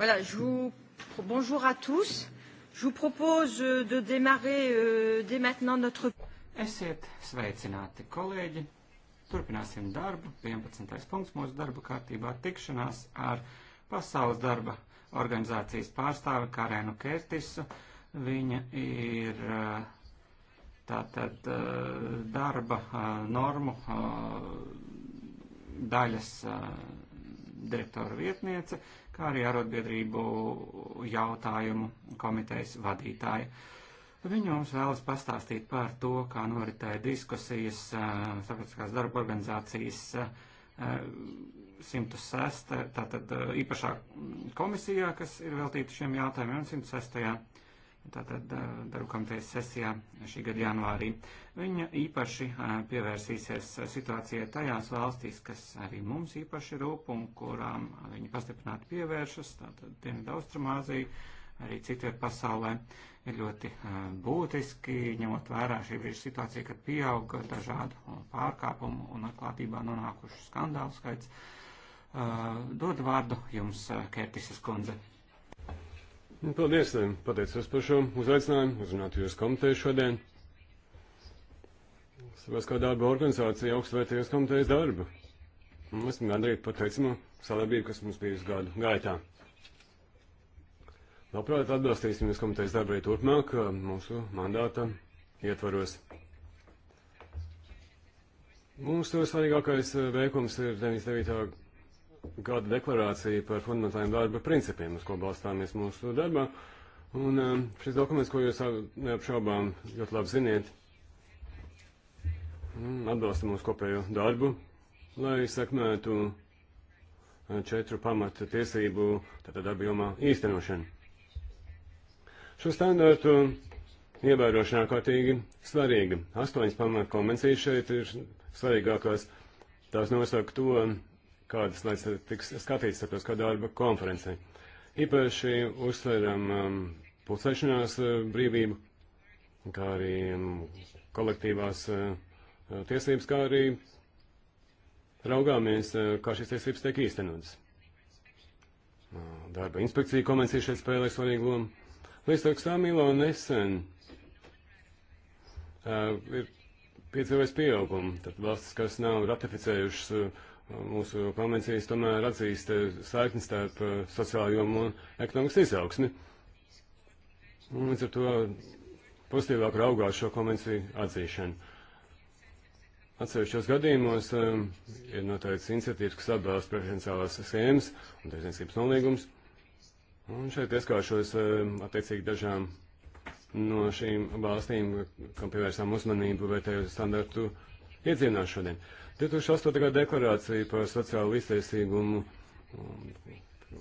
Voilà, je vous... Bonjour à tous. Je vous propose euh, de démarrer euh, dès maintenant notre... Esiet sveicināti, kolēģi. Turpināsim darbu. 11. punkts mūsu darba kārtībā tikšanās ar Pasaules darba organizācijas pārstāvi Karēnu Kērtisu. Viņa ir eh, tātad eh, darba eh, normu daļas direktora vietniece kā arī arotbiedrību jautājumu komitejas vadītāja. Viņa mums vēlas pastāstīt par to, kā noritēja diskusijas starptautiskās darba organizācijas 106. tātad īpašā komisijā, kas ir veltīta šiem jautājumiem, un 106 Tātad Darukamtejas sesijā šī gada janvārī. Viņa īpaši pievērsīsies situācijai tajās valstīs, kas arī mums īpaši rūp un kurām viņa pastiprināti pievēršas, tātad Dienvidaustrumāzija, arī citviet pasaulē, ir ļoti būtiski, ņemot vērā šī brīža situācija, kad pieauga dažādu pārkāpumu un atklātībā nonākušu skandālu skaits. Dod vārdu jums, Kērtises kundze. Nu, paldies, eh, pateicos par šo uzaicinājumu, uzrunāt jūs komiteju šodien. Savās kā darba organizācija augstvērtīgas komitejas darbu. Un esmu gandrīz pateicama sadarbību, kas mums bija uz gadu gaitā. Labprāt atbalstīsim jūs komitejas darbu arī turpmāk eh, mūsu mandāta ietvaros. Mums to svarīgākais eh, veikums ir 99 gada deklarācija par fundamentāliem darba principiem, uz ko balstāmies mūsu darbā. Un um, šis dokuments, ko jūs neapšaubām ļoti labi ziniet, mm, atbalsta mūsu kopējo darbu, lai sekmētu uh, četru pamata tiesību tātad darba jomā īstenošanu. Šo standārtu ievērošanā kārtīgi svarīgi. Astoņas pamata konvencijas šeit ir svarīgākās. Tās nosaka to, kādas lietas tiks skatītas starptautiskā darba konferencē. Īpaši uzsveram um, pulcēšanās uh, brīvību, kā arī um, kolektīvās uh, uh, tiesības, kā arī raugāmies, uh, kā šīs tiesības tiek īstenotas. Uh, darba inspekcija konvencija šeit spēlē svarīgu lomu. Līdz ar Samilo nesen uh, ir piedzīvojis pieaugumu. Tad valstis, kas nav ratificējušas uh, mūsu konvencijas tomēr atzīst eh, saikni starp eh, sociālo jomu un ekonomikas izaugsmi. Un līdz ar to pozitīvāk raugās šo konvenciju atzīšanu. Atsevišķos gadījumos um, ir noteikts iniciatīvas, kas atbalsta preferenciālās schēmas un tiesniecības nolīgums. Un šeit pieskāršos um, attiecīgi dažām no šīm valstīm, kam pievērsām uzmanību vērtēju standartu iedzīvināt šodien. Uh, 2008. gada deklarācija par sociālo iztaisīgumu, un,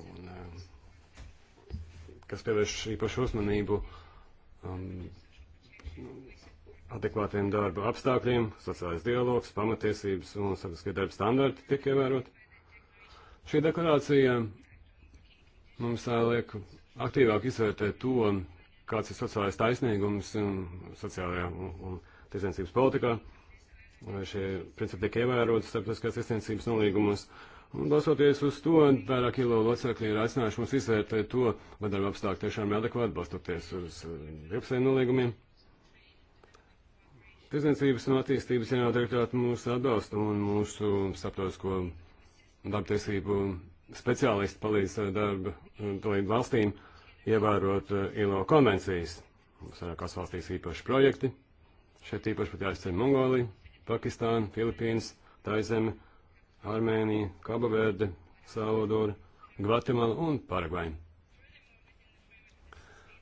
un, eh, kas pievērš īpašu uzmanību um, adekvātiem darba apstākļiem, sociālais dialogs, pamatiesības un sabiedriskie darba standarti tiek ievērot. Šī deklarācija mums eh, liek aktīvāk izvērtēt to, kāds ir sociālais taisnīgums um, sociālajā un, un tiesniecības politikā vai šie principi tiek ievēroti starptautiskās izniecības nolīgumus. Un balsoties uz to, vairāk ILO locekļi ir aicinājuši mums izvērtēt to, vai darba apstākļi tiešām ir adekvāti, balstoties uz uh, divpusējiem nolīgumiem. Tirzniecības un attīstības jaunā direktorāta mūsu atbalstu un mūsu starptautisko darbtiesību speciālisti palīdz uh, darba uh, dalību valstīm ievērot ILO konvencijas. Mums vairākās valstīs īpaši projekti. Šeit īpaši pat jāizceļ Mongolija. Pakistāna, Filipīnas, Taizeme, Armēnija, Kabaverde, Salvadora, Gvatemala un Paragvaina.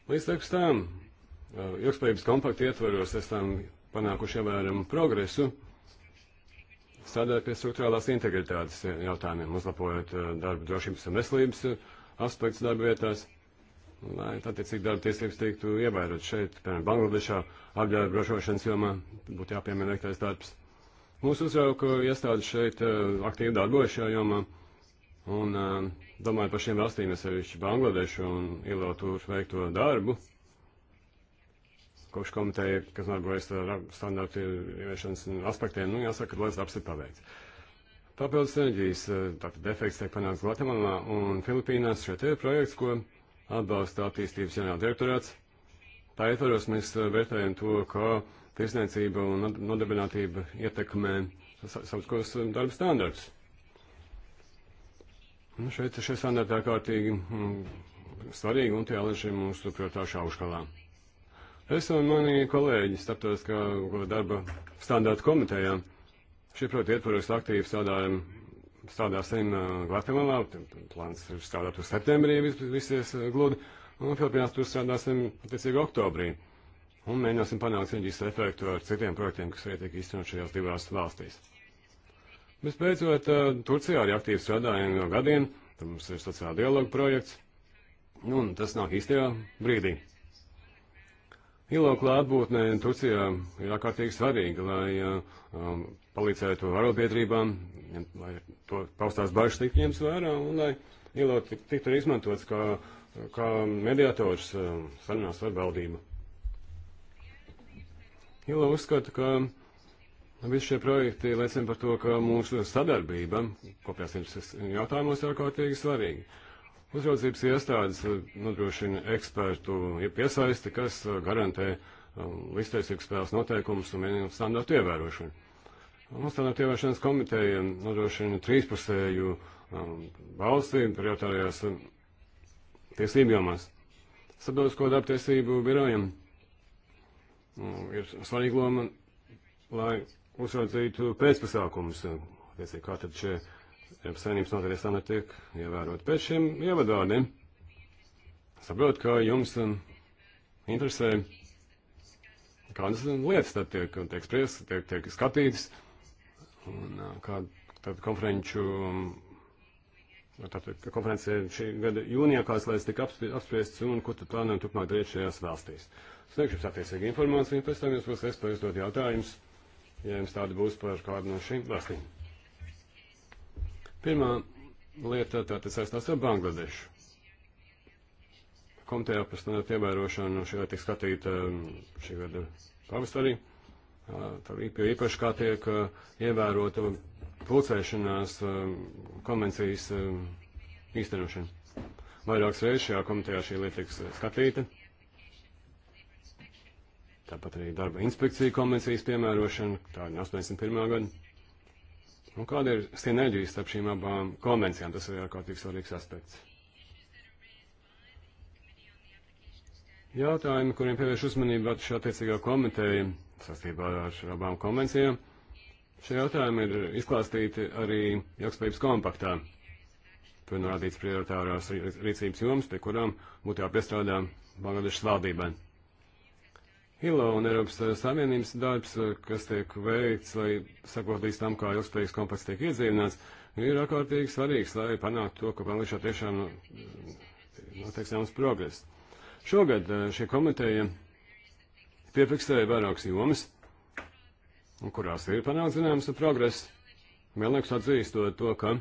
Līdz tam ilgspējības kompakta ietvaros esam panākuši ievēramu progresu, strādājot pie struktūrālās integritātes jautājumiem, uzlabojot darba drošības un veselības aspektus darba vietās, lai attiecīgi darba tiesības tiktu ievērot šeit, piemēram, Bangladešā, apģērba ražošanas jomā, būtu jāpiemina veiktais darbs. Mūsu uzrauku iestādes šeit eh, aktīvi darbojas šajā jomā, un eh, domāju par šiem valstīm, es sevišķi Bangladešu un Ilotūru veikto darbu, kopš komiteja, kas darbojas ar standartu ieviešanas aspektiem, nu jāsaka, ka liels darbs ir paveikts. Papildus enerģijas, eh, tātad efekts tiek panāks Gvatemalā un Filipīnās, šeit ir projekts, ko atbalsta attīstības jaunā direktorāts. Tā ietvaros mēs eh, vērtējam to, kā tirsniecība un nodarbinātība ietekmē savus eh, darba standartus. Nu, šeit šie standarti ārkārtīgi mm, svarīgi un tie alaži mūsu prātā šauškalā. Es un mani kolēģi starptautiskā darba standārta komitejā šī proti ietvaros aktīvi strādājam strādāsim uh, Gvatemalā, plāns ir strādāt uz septembrī, visies uh, gludi, un Filipīnās tur strādāsim, attiecīgi, oktobrī. Un mēģināsim panākt sinerģijas efektu ar citiem projektiem, kas arī tiek īstenot šajās divās valstīs. Visbeidzot, uh, Turcijā arī aktīvi strādājam jau gadiem, tur mums ir sociāla dialoga projekts, nu, un tas nāk īstajā brīdī. ILO klātbūtne Turcijā ir ārkārtīgi svarīga, lai um, palīdzētu arotbiedrībām, lai to paustās bažas tiktu ņemts vērā un lai ILO tiktu arī izmantots kā, kā mediators um, sarunās ar valdību. ILO uzskata, ka visi šie projekti liecina par to, ka mūsu sadarbība kopējās jautājumos ir ārkārtīgi svarīga. Uzraudzības iestādes uh, nodrošina ekspertu piesaisti, kas uh, garantē līdztiesīgu um, spēles noteikumus un vienīgu standartu ievērošanu. Nostādāt ievērošanas komiteja nodrošina trīspusēju um, balstību prioritārajās um, tiesību jomās. Sabiedrisko darba tiesību birojam um, ir svarīga loma, lai uzraudzītu pēcpasākumus, um, tiesīgi kā tad šie Eiropas saimnības noteikti standarti tiek ievērot pēc šiem ievadvārdiem. Saprotu, ka jums um, interesē, kādas um, lietas tad tiek, tiek spriestas, tiek, tiek skatītas. Un kādu tādu konferenču, tātad konferencē šī gada jūnijā kāds lēs tika apspriests un ko tad plānojam turpmāk darīt šajās valstīs. Sniegšu jums attiecīgi informāciju, pēc tam jums būs iespēja uzdot jautājumus, ja jums tādi būs par kādu no šīm valstīm. Pirmā lieta tātad saistās ar Bangladešu komitejā par standartu ievērošanu šī gada tiek skatīta šī gada pavasarī jo īpaši kā tiek ievērota pulcēšanās konvencijas īstenošana. Vairākas reizes šajā komitejā šī lieta tiks skatīta. Tāpat arī darba inspekcija konvencijas piemērošana, tā ir 81. gada. Un kāda ir sinerģija starp šīm abām konvencijām? Tas ir ārkārtīgi svarīgs aspekts. Jautājumi, kuriem pievērš uzmanību attiecīgā komiteja, sastībā ar abām konvencijām. Šie jautājumi ir izklāstīti arī ilgspējības kompaktā. Tur norādīts prioritārās rīcības jomas, pie kurām būtu jāpiestrādā Bangladešas valdībai. ILO un Eiropas eh, Savienības darbs, eh, kas tiek veikts, lai sakot līdz tam, kā ilgspējīgs kompaks tiek iedzīvināts, ir ārkārtīgi svarīgs, lai panāktu to, ka Bangladešā tiešām eh, notiek zināms progress. Šogad šī komiteja pieprakstēja vairākas jomas, kurās ir panākts zināms progress. Vienlaikus atzīstot to, ka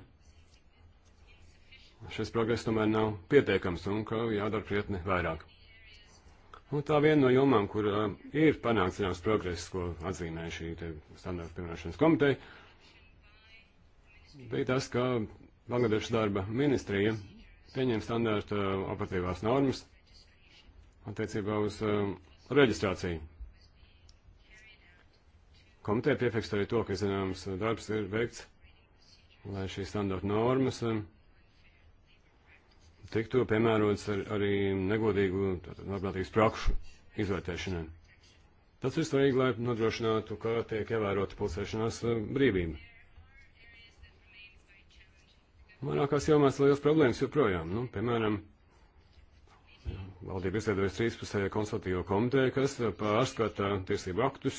šis progress tomēr nav pietiekams un ka jādara krietni vairāk. Un tā viena no jomām, kur uh, ir panākts zināms progress, ko atzīmēja šī standarta piemērošanas komiteja, bija tas, ka Bangladešas darba ministrija pieņem standarta operatīvās normas attiecībā uz uh, reģistrāciju. Komiteja piefiksēja arī to, ka zināms darbs ir veikts, lai šīs standarta normas eh, tiktu piemērots ar, arī negodīgu labprātīgas prakšu izvērtēšanai. Tas ir svarīgi, lai nodrošinātu, ka tiek ievērota pulcēšanās eh, brīvība. Vairākās jomās liels problēmas joprojām, nu, piemēram, Valdība izveidojas 13. konsultīvo komiteju, kas pārskata tiesību aktus,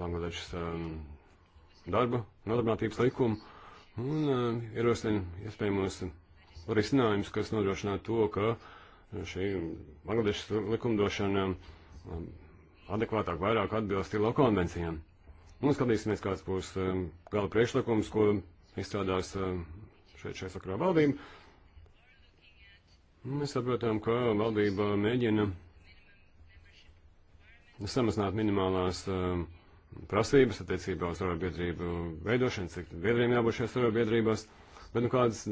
Bangladešas um, darba, nodarbinātības likumu un um, ierosina iespējamos risinājumus, kas nodrošinātu to, ka šī Bangladešas likumdošana um, adekvātāk vairāk atbilst ILO konvencijām. Un skatīsimies, kāds būs gala priekšlikums, ko izstrādās šeit šajā sakarā valdība. Mēs saprotam, ka valdība mēģina samazināt minimālās uh, prasības attiecībā uz arotbiedrību veidošanu, cik biedriem jābūt šajās arotbiedrībās, bet nu kādas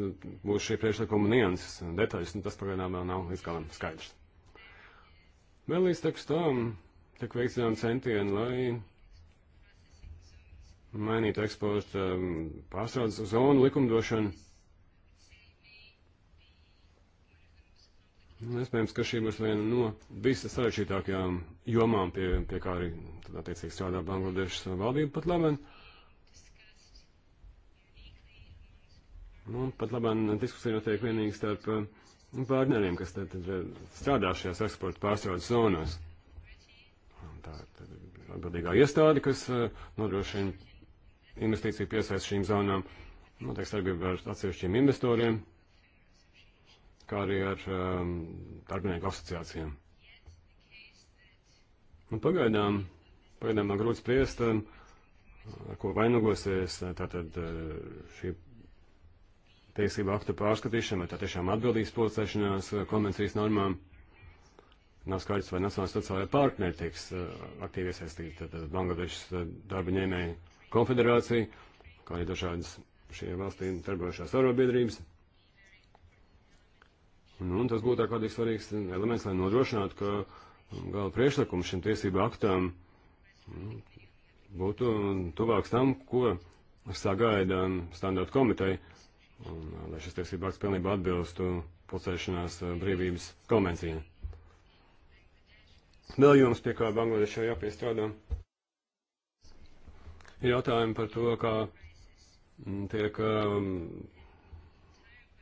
būs šī priekšlikuma nianses un detaļas, nu tas pagaidām vēl nav līdz galam skaidrs. Vēl līdz tekstu tam tiek veicinām centieni, lai mainītu eksporta um, pārstrādes zonu likumdošanu. Nu, iespējams, ka šī būs viena no visas sarežģītākajām jomām, pie, pie kā arī tad, attiecīgi strādā Bangladešas valdība pat labāk. Nu, pat labāk diskusija notiek vienīgi starp uh, partneriem, kas tad, tad strādā šajās eksporta pārstrādes zonās. Tā ir atbildīgā iestāde, kas uh, nodrošina investīciju piesaist šīm zonām, noteikti nu, sadarbība ar atsevišķiem investoriem kā arī ar um, darbinieku asociācijām. Un pagaidām, pagaidām nav grūti spriest, um, ar ko vainagosies uh, tātad uh, šī tiesība akta pārskatīšana, vai tā tiešām atbildīs pulcēšanās uh, konvencijas normām. Nav skaidrs, vai Nacionālais sociālajā partneri tiks aktīvi iesaistīti, tad Bangladešas darba ņēmēju konfederācija, kā arī dažādas šie valstī darbojušās arobiedrības. biedrības. Un, nu, un tas būtu ārkārtīgi svarīgs elements, lai nodrošinātu, ka gala priekšlikums šim tiesību aktam nu, būtu tuvāks tam, ko sagaida standarta komiteja, un lai šis tiesību akts pilnībā atbilstu pulcēšanās eh, brīvības konvencijai. Vēl jums pie kā Bangladešā jāpiestrādā. Ir jautājumi par to, kā mm, tiek um,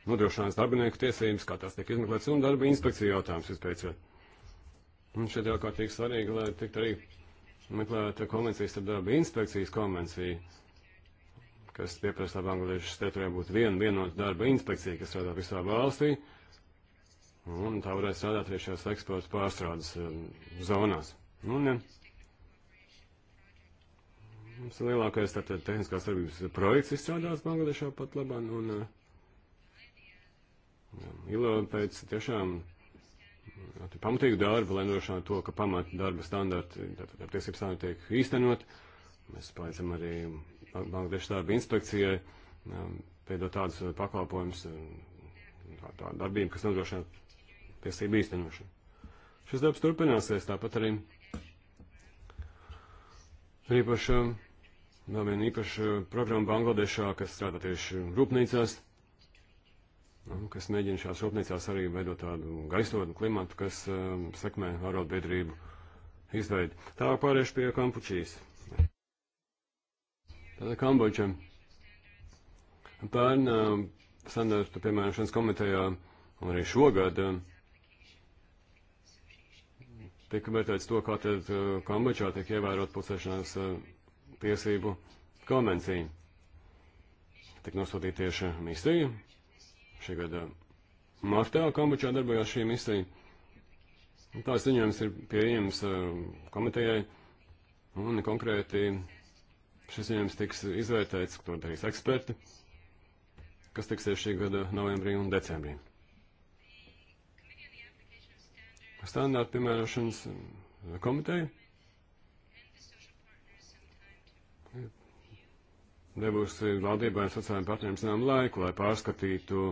nodrošinās darbinieku tiesības, kā tās tiek izmeklētas, un darba inspekcija jautājums vispēcot. Un šeit jau kā tiek svarīgi, lai tiktu arī meklēta konvencija starp darba inspekcijas konvenciju, kas pieprasa, lai Bangladešas teritorijā būtu viena vienota darba inspekcija, kas strādā visā valstī, un tā varētu strādāt arī šajās eksporta pārstrādes um, zonās. Un, ja, Mums ir lielākais tātad tehniskās darbības projekts izstrādāts Bangladešā pat labāk, un uh, ILO pēc tiešām pamatīgu darbu, lai nodrošinātu to, ka pamat darba standarti, tātad ar tiesību standarti tiek īstenot. Mēs palīdzam arī Bangladešas darba inspekcijai veidot tādus uh, pakalpojumus, uh, tā, tā darbību, kas nodrošina tiesību īstenošanu. Šis darbs turpināsies tāpat arī. Ir īpaši, vēl viena īpaša programma Bangladešā, kas strādā tieši rūpnīcās. Nu, kas mēģina šās rūpnīcās arī veidot tādu gaisotnu klimatu, kas um, sekmē arotbiedrību izveidi. Tālāk pāriešu pie Kampučijas. Tātad Kambodža. Pērn um, standartu piemērošanas komitejā un arī šogad um, tika vērtēts to, kā tad uh, Kambodžā tiek ievērot pulcēšanās uh, tiesību konvenciju. Tik nosūtīta tieši misija, šī gada martā Kambučā darbojās šī misija. Tās ziņojums ir pieejams uh, komitejai, un konkrēti šis ziņojums tiks izvērtēts, to darīs eksperti, kas tiksies šī gada novembrī un decembrī. Standārta piemērošanas uh, komiteja devusi valdībai un sociālajiem partneriem zinām laiku, lai pārskatītu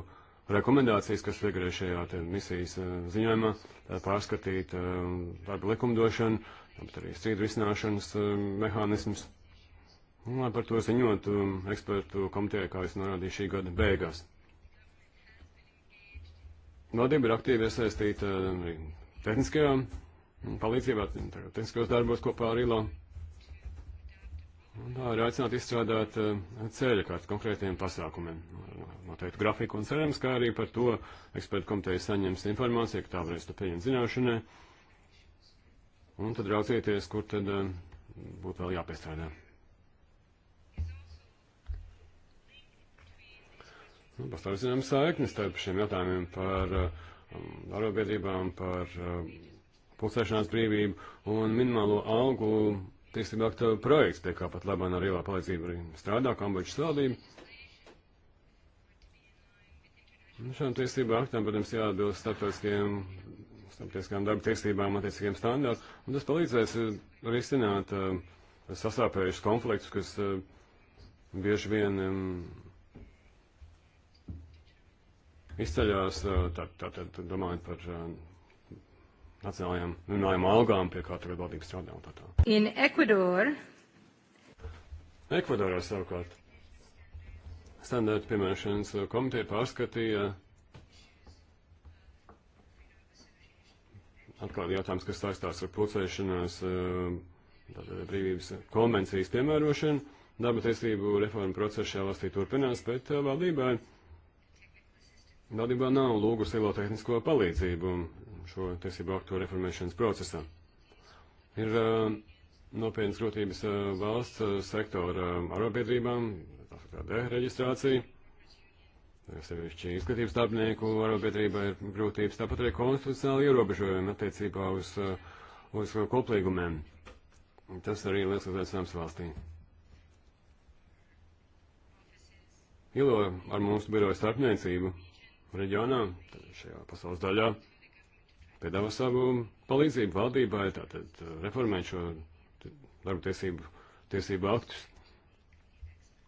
rekomendācijas, kas figurē šajā misijas eh, ziņojumā, pārskatīt eh, darba likumdošanu, tāpat arī strīdu risināšanas eh, mehānismus. Un, lai par to ziņotu um, ekspertu komitejā, kā es norādīju, šī gada beigās. Valdība ir aktīvi iesaistīta arī tehniskajā palīdzībā, tehniskajos darbos kopā ar ILO. Un tā ir aicināt izstrādāt ceļa kārtu konkrētiem pasākumiem, noteikti grafiku un cerams, kā arī par to ekspertu komiteja saņems informāciju, ka tā varēs to pieņemt zināšanai. Un tad raucieties, kur tad būtu vēl jāpiestrādā. Nu, pastāv zinām saiknis starp šiem jautājumiem par darba biedrībām, par pulcēšanās brīvību un minimālo algu tiesību aktu projekts, pie kā pat labāk ar lielā palīdzību arī strādā Kambodžas valdība. Nu, Šām tiesību aktām, protams, jāatbilst starptautiskajiem, starptautiskajām darba tiesībām, attiecīgiem standārtiem, un tas palīdzēs eh, risināt uh, sasāpējušas konfliktus, kas uh, bieži vien um, izceļās, uh, tā, tā, tā, domājot par nacionālajām minimālajām algām, pie kā tagad valdība strādā un tā tā. In Ecuador. Ekvadorā savukārt standarta piemērošanas komiteja pārskatīja atkal jautājums, kas saistās ar pulcēšanās eh, brīvības konvencijas piemērošanu. Darba tiesību reforma procesa šajā valstī turpinās, bet eh, valdībai valdībā nav lūgusi ilo tehnisko palīdzību šo tiesību aktu reformēšanas procesā. Ir uh, nopietnas grūtības uh, valsts uh, sektora um, arobiedrībām, tā kā dereģistrācija. Uh, sevišķi izglītības darbinieku arobiedrībā ir grūtības, tāpat arī konstitucionāli ierobežojumi attiecībā uz, uh, uz koplīgumiem. Tas arī liels uzaicinājums valstī. ILO ar mūsu biroju starpniecību reģionā, šajā pasaules daļā, piedāvā savu palīdzību valdībai, tātad uh, reformēt šo darba tiesību, tiesību aktus.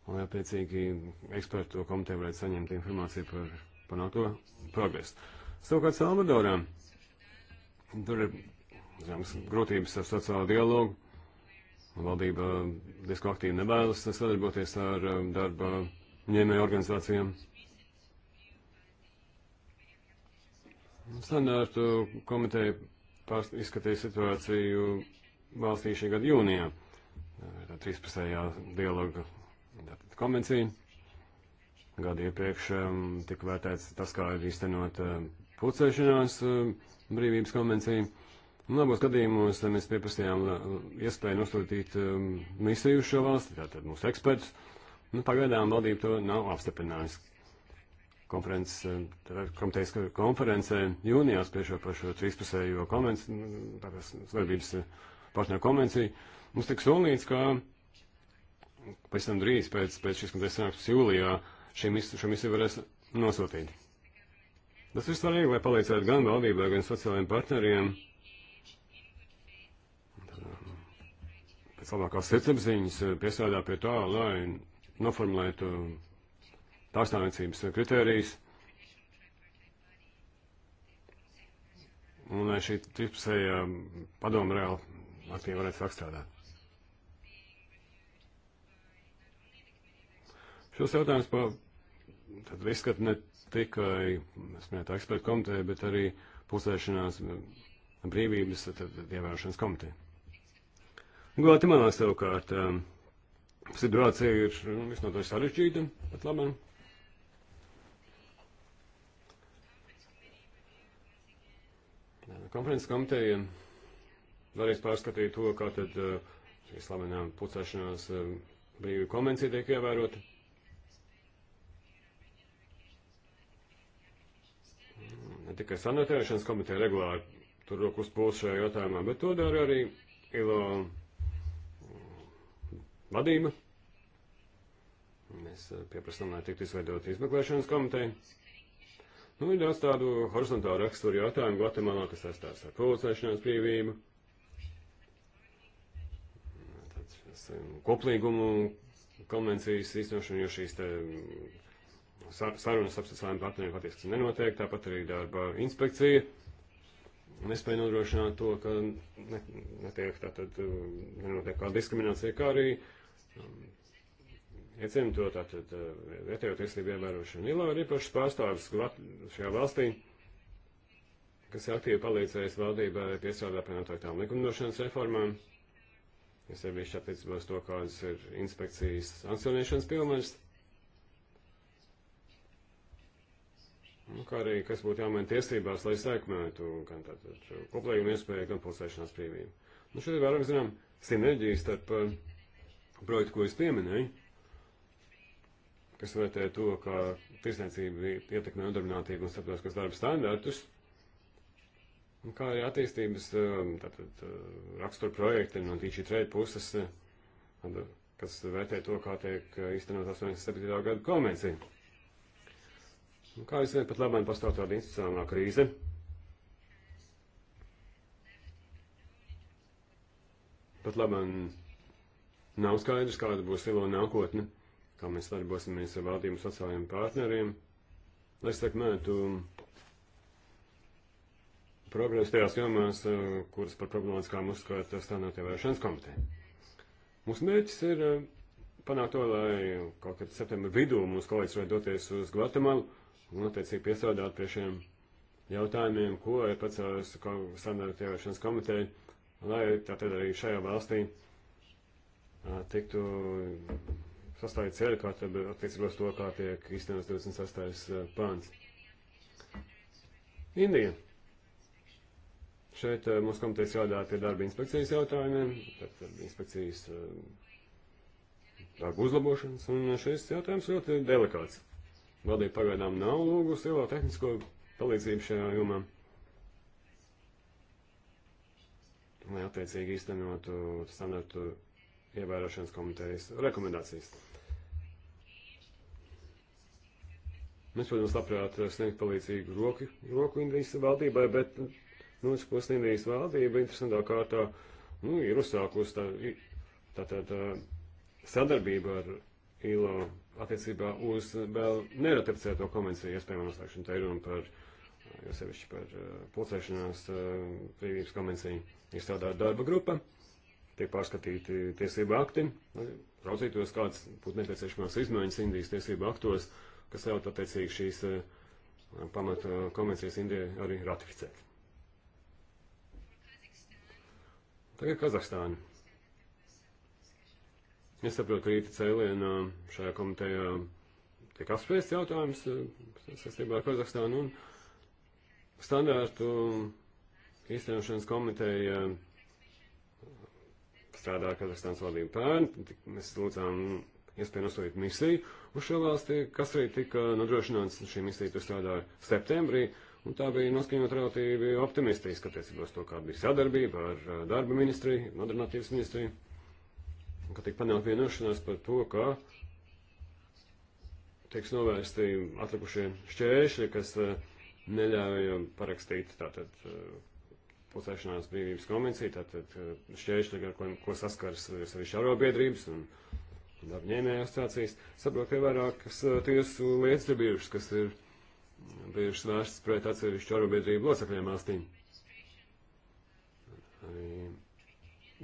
Un, attiecīgi, ekspertu komiteja varētu saņemt informāciju par panākto progresu. Savukārt Salvadorā tur ir, zināms, grūtības ar sociālo dialogu. Valdība disko aktīvi nevēlas sadarboties ar um, darba ņēmēju organizācijām. Standārtu komiteja izskatīja situāciju valstī šī gada jūnijā. Tā 13. dialoga konvencija. Gadu iepriekš um, tika vērtēts tas, kā ir īstenot um, pulcēšanās um, brīvības konvenciju. Un abos gadījumos mēs pieprasījām uh, iespēju nosūtīt misiju uz šo valsti, tātad mūsu ekspertus. Nu, pagaidām valdība to nav apstiprinājusi konferences, eh, komitejas konferencē jūnijā spriešot par šo trīspusējo konvenciju, tātad svarbības eh, partneru konvenciju, mums tika solīts, ka pēc tam drīz pēc, pēc šīs komitejas sanāksmes jūlijā šim visu varēs nosūtīt. Tas ir svarīgi, lai palīdzētu gan valdībai, gan sociālajiem partneriem. Pēc labākās sirdsapziņas eh, piesādā pie tā, lai noformulētu pārstāvniecības kritērijas. Un lai šī trīspusēja padoma reāli aktīvi varētu sākt strādāt. Šos jautājumus pa, tad izskat ne tikai, es minētu, ekspertu komiteja, bet arī pulsēšanās brīvības ievērošanas komiteja. Gulāti manā savukārt um, situācija ir visnotaļ sarežģīta, bet labāk. Konferences komiteja varēs pārskatīt to, kā tad uh, šī slavenā pucēšanās uh, brīvība konvencija tiek ievērota. Ne tikai sanotēšanas komiteja regulāri tur rokas pūs šajā jautājumā, bet to dara arī ILO mm, vadība. Mēs uh, pieprasām, lai tiktu izveidot izmeklēšanas komiteju. Nu, ir daudz tādu horizontālu raksturu jautājumu Gvatemalā, kas saistās ar pulcēšanās brīvību, tāds, koplīgumu konvencijas īstenošanu, jo šīs te mm, sarunas ar sociālajiem partneriem patiesībā nenotiek, tāpat arī darba inspekcija nespēja nodrošināt to, ka netiek tātad mm, nenotiek kāda diskriminācija, kā arī mm, iecimto tātad eh, vietējo tiesību ievērošanu. ILO ir īpašs pārstāvis šajā valstī, kas aktīvi palīdzējis valdībai piestrādāt pie noteiktām likumdošanas reformām. Es arī biju attiecībā uz to, kādas ir inspekcijas sankcionēšanas pilnvaras. Nu, kā arī, kas būtu jāmaina tiesībās, lai sekmētu gan tātad koplējuma iespēju, gan pulsēšanās brīvību. Nu, šeit ir vairāk, zinām, sinerģijas starp uh, projektu, ko es pieminēju kas vērtē to, ka tirsniecība ietekmē nodarbinātību un starptautiskos darba standartus, un kā arī attīstības um, tātad, uh, rakstura projekti no tīši trade puses, uh, kas vērtē to, kā tiek uh, īstenot 87. gada konvencija. Un kā jūs zināt, pat labāk pastāv tāda institucionālā krīze. Pat labāk nav skaidrs, kāda būs silo nākotne. Ne? kā mēs sadarbosimies ar valdību sociālajiem partneriem, lai sekmētu progresu tajās jomās, eh, kuras par problemātiskām uzskata stāvnotie vēršanas komiteja. Mūsu mērķis ir eh, panākt to, lai kaut kad septembra vidū mūsu kolēģis varētu doties uz Gvatemalu un attiecīgi piesādāt pie šiem jautājumiem, ko ir pacēlusi standarta ievēršanas komiteja, lai tātad arī šajā valstī eh, tiktu sastādīt ceļu kārtību eh, attiecībā uz to, kā tiek iztenots 26. Eh, pāns. Indija. Šeit eh, mums komitejas jādā pie darba inspekcijas jautājumiem, tad inspekcijas darba uzlabošanas, un šis jautājums ļoti delikāts. Valdība pagaidām nav lūgusi lielā tehnisko palīdzību šajā jomā. Lai attiecīgi īstenotu standartu ievērošanas komitejas rekomendācijas. Mēs, protams, labprāt sniegt palīdzīgu roku, roku Indijas valdībai, bet, nu, es ko Indijas valdība interesantā kārtā, nu, ir uzsākusi tā, tā, tā, tā sadarbība ar ILO attiecībā uz vēl neratificēto konvenciju iespējamo noslēgšanu. Te ir runa par, jo sevišķi par eh, pulcēšanās eh, brīvības konvenciju. Ir strādāta darba grupa, tiek pārskatīti tiesību akti, raudzītos, kādas būtu nepieciešamās izmaiņas Indijas tiesību aktos, kas ļautu attiecīgi šīs eh, pamata eh, konvencijas Indijai arī ratificēt. Tagad Kazahstāna. Es saprotu, ka rīta cēlienā šajā komitejā tiek apspriests jautājums eh, saistībā ar Kazahstānu un standārtu īstenošanas komiteja strādā Kazahstānas valdību pērn. Mēs lūdzām iespēju nosūtīt misiju uz šo valsti, kas arī tika nodrošināts šī misija, tur strādāja septembrī, un tā bija noskaņot relatīvi optimistiski, attiecībā uz to, kāda bija sadarbība ar darba ministriju, nodarbinātības ministriju, un ka tika panākt vienošanās par to, ka tiks novērsti atlikušie šķēršļi, kas neļauj parakstīt tātad pulcēšanās brīvības konvencija, tātad šķēršļi, ar ko, ko saskars sevišķi arobiedrības un darbņēmēju asociācijas, saprot, ka ir vairākas uh, tiesu lietas ir bijušas, kas ir bijušas vērstas pret atsevišķu arobiedrību locekļiem valstīm. Arī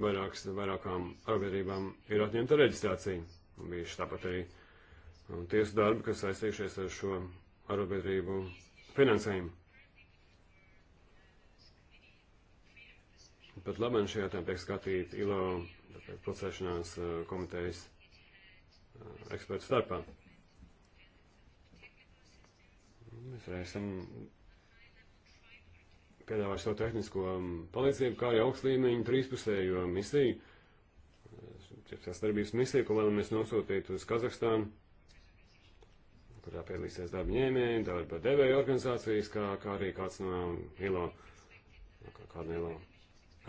vairākas, vairākām arobiedrībām ir atņemta reģistrācija. Un bijuši tāpat arī uh, tiesu darbi, kas saistījušies ar šo arobiedrību finansējumu. Pat labāk šajā tēmā tiek skatīta ILO procesēšanās uh, komitejas ekspertu starpā. Mēs varēsim piedāvāt šo tehnisko um, palīdzību, kā jau augstlīmeņu trīspusējo misiju, sadarbības misiju, ko vēlamies nosūtīt uz Kazahstānu, kurā piedalīsies darba ņēmēji, darba devēja organizācijas, kā, kā arī kāds no ILO, kā, kāda no ILO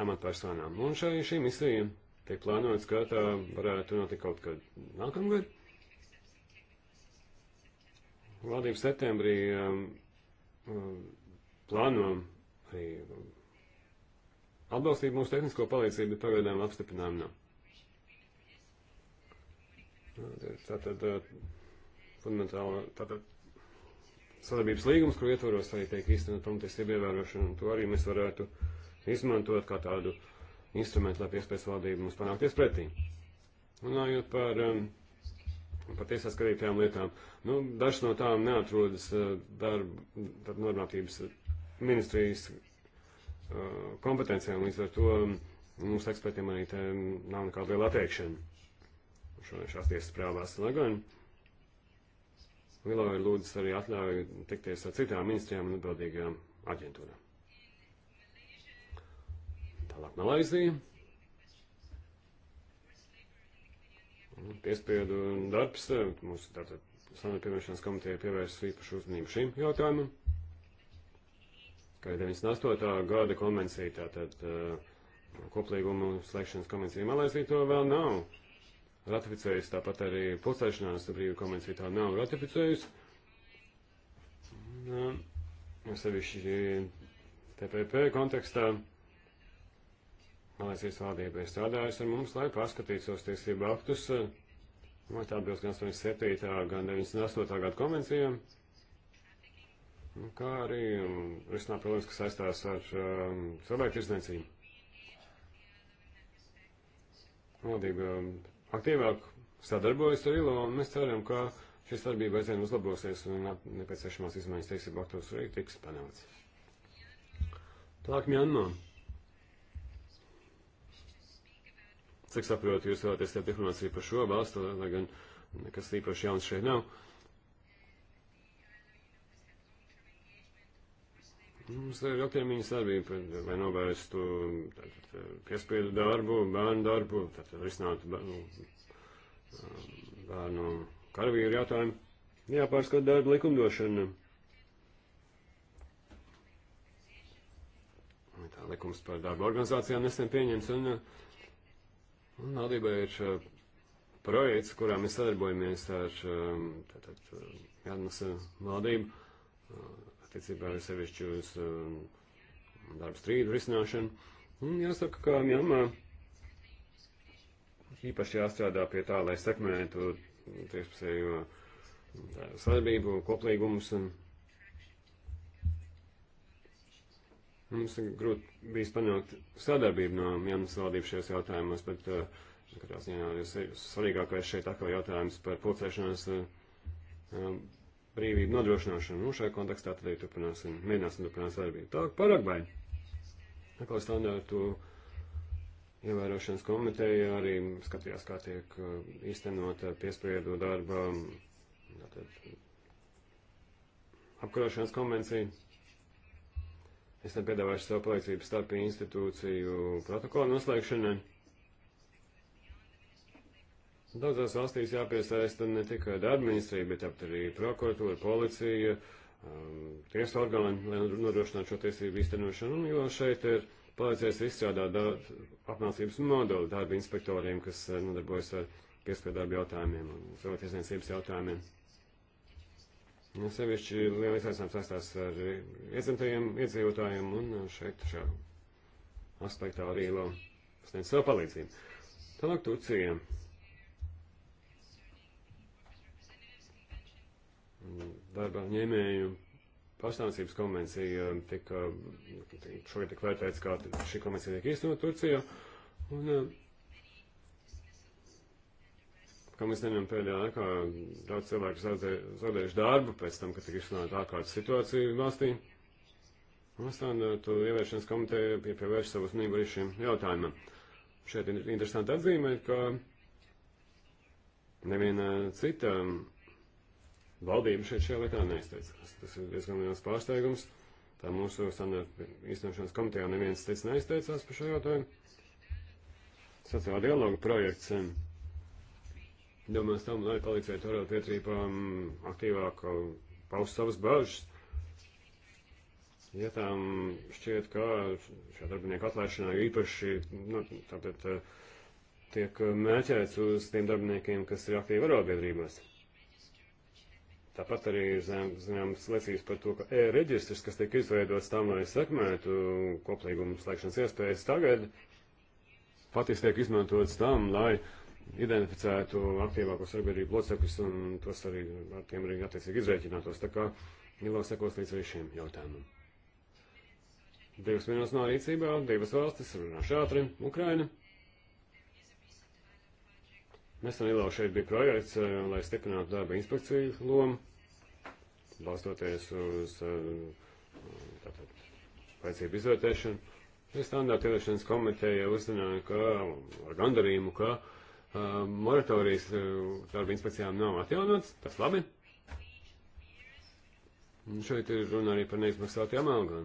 amatpersonām. Un šai šī misija tiek plānots, ka tā varētu notikt kaut kad nākamgad. Valdība septembrī um, um, plāno arī um, atbalstīt mūsu tehnisko palīdzību, bet pagaidām apstiprinājumu nav. Nu, tātad, uh, fundamentāli, tātad sadarbības līgums, kur ietvaros arī tiek īstenot pamatiesību ievērošanu, un to arī mēs varētu izmantot kā tādu uh, instrumenti, lai piespējas valdību mums panākties pretī. Runājot par um, patiesā skatītajām lietām, nu, dažas no tām neatrodas uh, darba normatīvas ministrijas uh, kompetencijām, līdz ar to um, mums ekspertiem arī te nav nekāda liela attiekšana šās tiesas prāvās. Lai gan Lielā ir lūdzas arī atļauju tikties ar citām ministrijām un atbildīgajām aģentūrām. Tālāk Malaizija. Piespiedu darbs, eh, mūsu tātad standarta pievienošanas komiteja pievērs īpašu uzmanību šīm jautājumam. Kā 98. gada konvencija, tātad eh, koplīgumu slēgšanas konvencija Malaizija to vēl nav ratificējusi, tāpat arī pulcēšanās brīvu konvenciju tā nav ratificējusi. Eh, sevišķi TPP kontekstā Malaisijas valdība ir strādājusi ar mums, lai paskatītos tiesību aktus, vai nu, tā bilst gan 87. gan 98. gada konvencijām, nu, kā arī um, risināt problēmas, kas saistās ar um, cilvēku tirsniecību. Valdība um, aktīvāk sadarbojas ar ILO, un mēs ceram, ka šī starpība aizvien uzlabosies un nepieciešamās izmaiņas tiesību aktos arī tiks panāts. Tālāk Mjanmā. No. Cik saprotu, jūs vēlaties tādu informāciju par šo valstu, lai gan nekas īpaši jauns šeit nav. Mums ir ilgtermiņa sadarbība, lai novērstu eh, piespiedu darbu, bērnu darbu, tātad risinātu bērnu, eh, bērnu karavīru jautājumu. Jāpārskata darba likumdošana. Tā likums par darba organizācijām nesen pieņems un uh, Un valdībai ir eh, projekts, kurā mēs sadarbojamies ar eh, tātad, Jādmas eh, valdību, attiecībā ir sevišķi uz darba strīdu risināšanu. Un jāsaka, ka jāmā īpaši jāstrādā pie tā, lai sekmētu tiešpusējo sadarbību, koplīgumus un Mums ir grūti bijis panākt sadarbību no Jānis valdības šajos jautājumos, bet eh, katrā ziņā svarīgākais šeit atkal jautājums par pulcēšanās eh, eh, brīvību nodrošināšanu. Nu, šajā kontekstā tad arī turpināsim, mēģināsim turpināt sadarbību. Tālāk Paragvai. Atkal standārtu ievērošanas komiteja arī skatījās, kā tiek īstenota piespiedu darba mm, tātad, apkarošanas konvencija esam piedāvājuši savu palīdzību starp institūciju protokolu noslēgšanai. Daudzās valstīs jāpiesaista ne tikai administrija, bet arī prokuratūra, policija, um, tiesu orgāni, lai nodrošinātu šo tiesību īstenošanu, un, jo šeit ir palīdzēs izstrādāt apmācības modeli darba inspektoriem, kas uh, nodarbojas ar piespiedu darba jautājumiem un cilvēktiesniecības jautājumiem. Ja nu, sevišķi lielais aizsāms saistās ar iedzimtajiem iedzīvotājiem, un šeit šā aspektā arī lo sniedz savu palīdzību. Tālāk Turcija. Darba ņēmēju pašnācības konvencija tika, šogad tika vērtēts, kā šī konvencija tiek īstenot Turcijā. Un, uh, kā mēs zinām, pēdējā laikā daudz cilvēku zaudējuši darbu pēc tam, kad tika izsludināta ārkārtas situācija valstī. Nostādātu eh, ievēršanas komiteja pievērš savu uzmanību arī šiem jautājumam. Šeit ir interesanti atzīmēt, ka neviena eh, cita mm, valdība šeit šajā lietā neizteicās. Tas ir diezgan liels pārsteigums. Tā mūsu standarta īstenošanas komitejā neviens cits neizteicās par šo jautājumu. Sociāla dialoga projekts. Um, Domās tam, lai palīdzētu Eiropa pietrībām um, aktīvāk um, paust savas bažas. Ja tām šķiet, ka šā darbinieka atlaišanā īpaši, nu, tātad uh, tiek uh, mēķēts uz tiem darbiniekiem, kas ir aktīvi arobiedrībās. Tāpat arī ir zināmas liecības par to, ka e-reģistrs, kas tiek izveidots tam, lai sekmētu koplīgumu slēgšanas iespējas tagad, patiesi tiek izmantots tam, lai uh, identificētu aktīvāko sabiedrību locekļus un tos arī ar tiem arī attiecīgi izrēķinātos. Tā kā Milāns sekos līdz arī šiem jautājumiem. Divas minūtes nav rīcībā, divas valstis, runāšu ātri, Ukraina. Nesen Ilau šeit bija projekts, eh, lai stiprinātu darba inspekciju lomu, balstoties uz eh, tātad, vajadzību izvērtēšanu. Es standārta ieviešanas komiteja uzzināju, ka ar gandarījumu, ka uh, moratorijas darba inspekcijām nav atjaunots, tas labi. Un šeit ir runa arī par neizmaksātajām algām.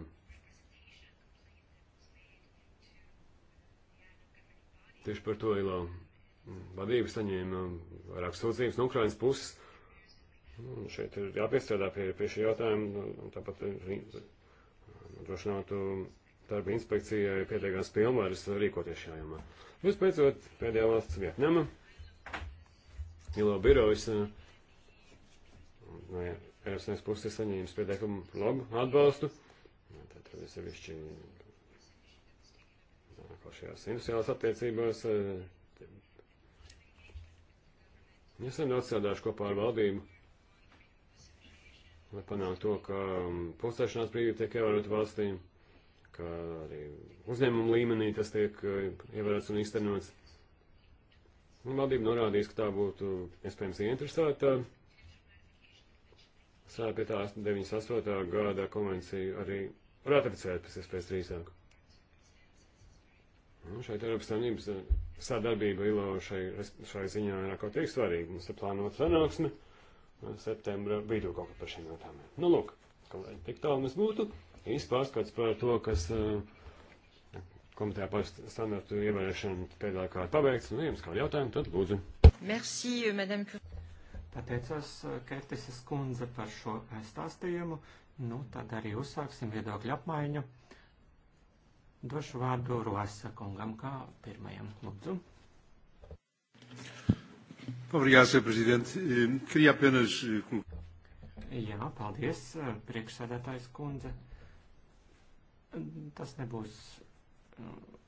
Tieši par to ILO vadība saņēma vairāk sūdzības no Ukrainas puses. Un šeit ir jāpiestrādā pie, pie šī jautājuma, un tāpat nodrošinātu darba inspekcijai pietiekams pilnvaras rīkoties šajā jomā. Ja Nu, Vispēcot, pēdējā valsts Vietnama, ILO birojas eh, no Eiropas puses saņēmis pieteikumu labu atbalstu. Tātad ir sevišķi nu, kā šajās industriālās attiecībās. Eh, es sen atstrādāšu kopā ar valdību, lai panāktu to, ka mm, pulcēšanās brīvi tiek ievērota valstīm ka arī uzņēmuma līmenī tas tiek uh, ievērots un īstenots. Un valdība norādīs, ka tā būtu iespējams ieinteresēta. Sāk pie tā 98. gada konvenciju arī ratificēt pēc iespējas drīzāk. Nu, šeit Eiropas Savienības uh, sadarbība ILO šai, šai ziņā ir ārkārtīgi svarīga. Mums ir plānota sanāksme uh, septembra vidū kaut kā par šiem jautājumiem. Nu, lūk, kolēģi, tik tālu mēs būtu īsts pārskats par to, kas uh, komitejā par standartu ievērošanu pēdējā kārta pabeigts. Nu, jums kādi jautājumi, tad lūdzu. Merci, euh, madame. Pateicos uh, Kertises kundze par šo uh, stāstījumu. Nu, tad arī uzsāksim viedokļu apmaiņu. Došu vārdu Ruasa kungam kā pirmajam. Lūdzu. Obrigado, Sr. Presidente. Eh, queria apenas. Eh, Jā, paldies, eh, priekšsēdētājs kundze. Tas nebūs mm,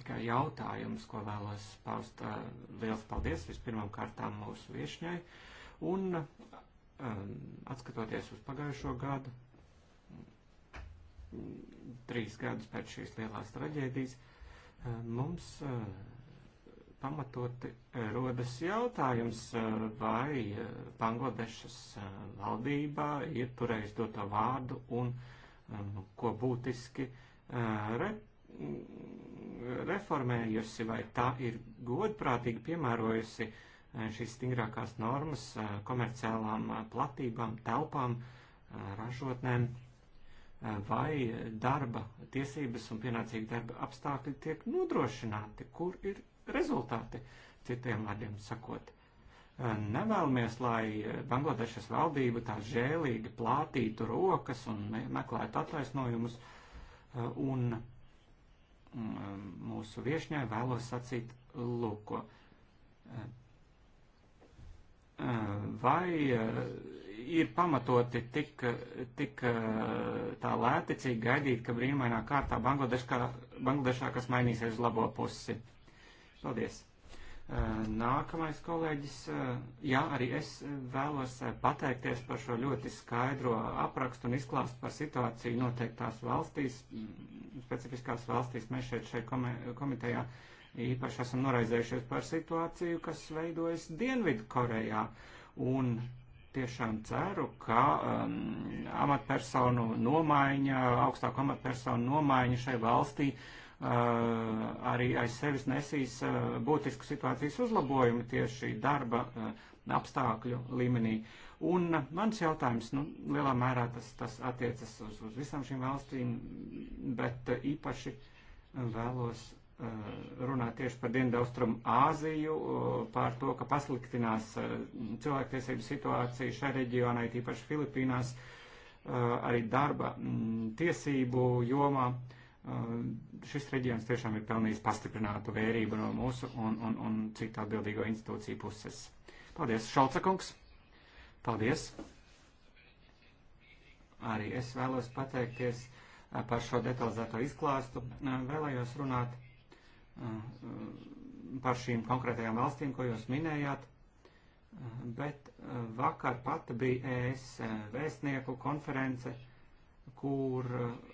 tikai jautājums, ko vēlos paust. Liels paldies vispirmām kārtām mūsu viešņai. Un atskatoties uz pagājušo gadu, mm, trīs gadus pēc šīs lielās traģēdijas, mums pamatoti e, rodas jautājums, e, vai e, Bangladešas valdībā ir turējis doto vārdu un nu, ko būtiski re, reformējusi, vai tā ir godprātīgi piemērojusi šīs stingrākās normas komerciālām platībām, telpām, ražotnēm vai darba tiesības un pienācīgi darba apstākļi tiek nodrošināti, kur ir rezultāti, citiem vārdiem sakot. Nevēlamies, lai Bangladešas valdība tā žēlīgi plātītu rokas un meklētu attaisnojumus, un mūsu viešņai vēlos sacīt, lūko, vai ir pamatoti tik, tik tā lēticīgi gaidīt, ka brīnumainā kārtā Bangladešā, Bangladešā kas mainīsies uz labo pusi? Paldies! Eh, nākamais kolēģis, eh, jā, arī es eh, vēlos pateikties par šo ļoti skaidro aprakstu un izklāstu par situāciju noteiktās valstīs, mm, specifiskās valstīs. Mēs šeit šeit komitejā īpaši esam noraizējušies par situāciju, kas veidojas Dienvidu Korejā. Un tiešām ceru, ka um, amatpersonu nomaiņa, augstāku amatpersonu nomaiņa šai valstī uh, Eh, arī aiz sevis nesīs eh, būtisku situācijas uzlabojumu tieši darba eh, apstākļu līmenī. Un mans jautājums, nu, lielā mērā tas, tas attiecas uz, uz visām šīm valstīm, bet īpaši vēlos runāt tieši par Dienvidaustrumu Āziju, par to, ka pasliktinās cilvēktiesību situācija šai reģionai, tīpaši Filipīnās, arī darba mm, tiesību jomā. Uh, šis reģions tiešām ir pelnījis pastiprinātu vērību no mūsu un, un, un citu atbildīgo institūciju puses. Paldies, Šalcakungs! Paldies! Arī es vēlos pateikties par šo detalizēto izklāstu. Vēlējos runāt par šīm konkrētajām valstīm, ko jūs minējāt, bet vakar pat bija ES vēstnieku konference, kur uh,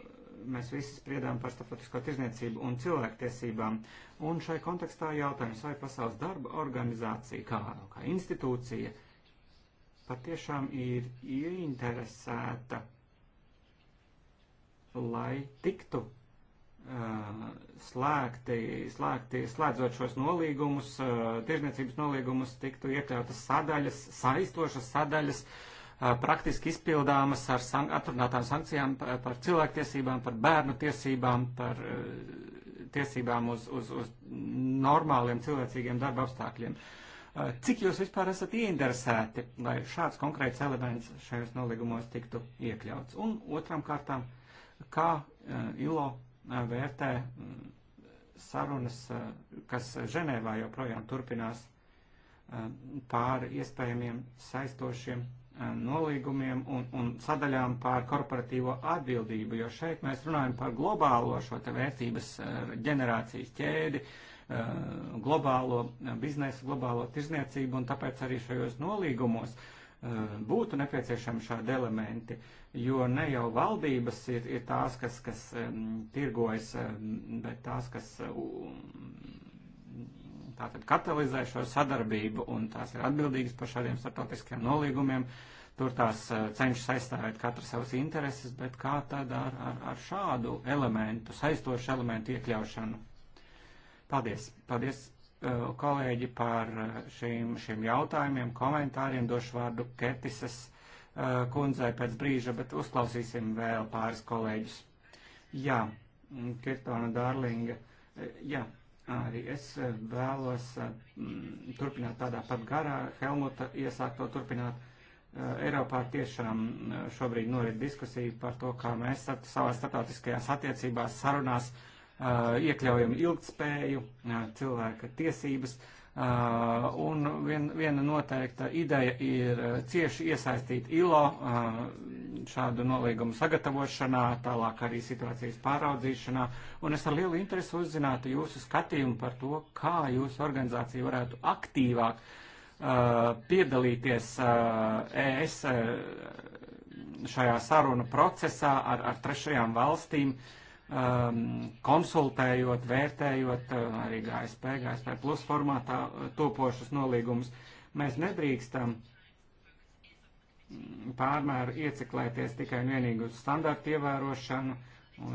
mēs visi spriedām par starptautisko tirzniecību un cilvēktiesībām. Un šai kontekstā jautājums, vai Pasaules darba organizācija kā, kā institūcija patiešām ir ieinteresēta, lai tiktu uh, slēgti, slēgti, slēdzot šos nolīgumus, uh, tirzniecības nolīgumus, tiktu iekļautas sadaļas, saistošas sadaļas, uh, praktiski izpildāmas ar san atrunātām sankcijām par cilvēktiesībām, par bērnu tiesībām, par tiesībām uz, uz, uz normāliem cilvēcīgiem darba apstākļiem. Cik jūs vispār esat ieinteresēti, lai šāds konkrēts elements šajos nolīgumos tiktu iekļauts? Un otram kārtām, kā ILO vērtē sarunas, kas Ženēvā joprojām turpinās pār iespējamiem saistošiem Um, nolīgumiem un, un sadaļām par korporatīvo atbildību, jo šeit mēs runājam par globālo šo te vērtības uh, ģenerācijas ķēdi, uh, globālo uh, biznesu, globālo tirzniecību, un tāpēc arī šajos nolīgumos būtu nepieciešami šādi elementi, jo ne jau valdības ir, ir tās, kas, kas um, tirgojas, um, bet tās, kas tātad katalizē šo sadarbību un tās ir atbildīgas par šādiem startautiskiem nolīgumiem. Tur tās eh, cenšas aizstāvēt katra savas intereses, bet kā tad ar, ar, ar šādu elementu, saistošu elementu iekļaušanu? Paldies! Paldies, eh, kolēģi, par eh, šīm, šiem jautājumiem, komentāriem. Došu vārdu Ketises kundzei pēc brīža, bet uzklausīsim vēl pāris kolēģus. Jā, Kirtona Dārlinga. Jā, Arī es eh, vēlos eh, turpināt tādā pat garā, Helmuta iesākto turpināt. Eh, Eiropā tiešām šobrīd norit diskusija par to, kā mēs savā starptautiskajās attiecībās sarunās iekļaujam ilgtspēju, cilvēka tiesības. Un vien, viena noteikta ideja ir cieši iesaistīt ILO šādu nolīgumu sagatavošanā, tālāk arī situācijas pāraudzīšanā. Un es ar lielu interesi uzzinātu jūsu skatījumu par to, kā jūsu organizācija varētu aktīvāk uh, piedalīties uh, ES uh, šajā saruna procesā ar, ar trešajām valstīm, um, konsultējot, vērtējot uh, arī GSP, GSP plus formātā uh, topošus nolīgumus. Mēs nedrīkstam uh, pārmēru ieciklēties tikai un vienīgi uz standartu ievērošanu,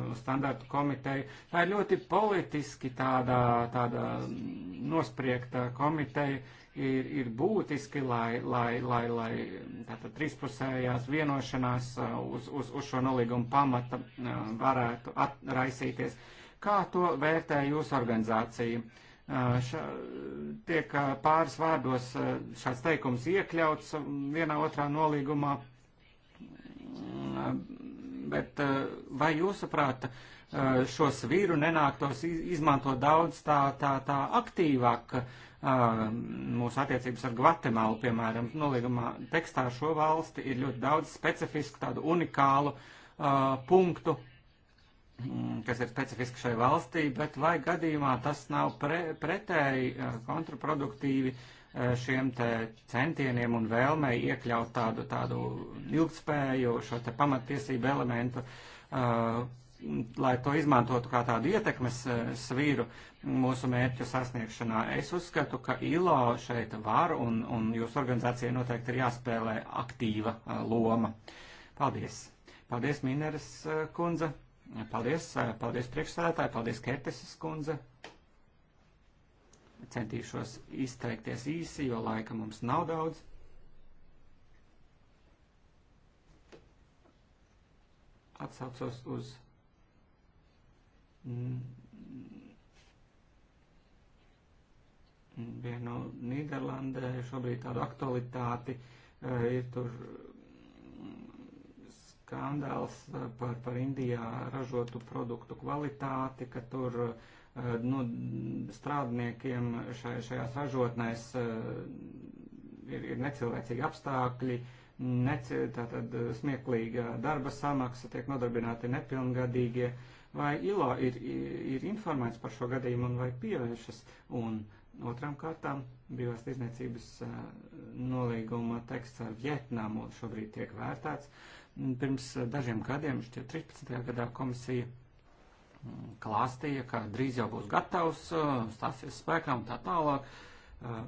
uz standartu komiteju. Tā ir ļoti politiski tādā, tādā nospriegta komiteja. Ir, ir būtiski, lai, lai, lai, lai tātad trīspusējās vienošanās uh, uz, uz, uz šo nolīgumu pamata uh, varētu atraisīties. Kā to vērtē jūsu organizācija? Uh, Šā, tiek pāris vārdos šāds teikums iekļauts vienā otrā nolīgumā, bet vai jūsuprāt šo svīru nenāktos izmantot daudz tā, tā, tā aktīvāk mūsu attiecības ar Gvatemalu, piemēram, nolīgumā tekstā ar šo valsti ir ļoti daudz specifisku tādu unikālu punktu, Mm, kas ir specifiski šai valstī, bet vai gadījumā tas nav pre, pretēji eh, kontraproduktīvi eh, šiem te centieniem un vēlmei iekļaut tādu, tādu ilgspēju, šo te pamattiesību elementu, uh, lai to izmantotu kā tādu ietekmes svīru mūsu mērķu sasniegšanā. Es uzskatu, ka ILO šeit var un, un jūsu organizācija noteikti ir jāspēlē aktīva loma. Paldies! Paldies, Mineres kundze! Paldies, eh, paldies priekšsēdētāji, paldies Kerteses kundze. Centīšos izteikties īsi, jo laika mums nav daudz. Atsaucos uz vienu Nīderlandē šobrīd tādu aktualitāti. Eh, ir tur skandāls eh, par, par Indijā ražotu produktu kvalitāti, ka tur eh, nu, strādniekiem šai, šajās ražotnēs eh, ir, ir necilvēcīgi apstākļi, neci, tātad smieklīga darba samaksa, tiek nodarbināti nepilngadīgie. Vai ILO ir, ir informēts par šo gadījumu un vai pievēršas? Un otrām kārtām brīvās tirzniecības nolīguma teksts ar Vietnamu šobrīd tiek vērtēts. Uh, Pirms eh, dažiem gadiem, šķiet 13. gadā komisija mm, klāstīja, ka drīz jau būs gatavs, eh, stāsies spēkā un tā tālāk. Eh,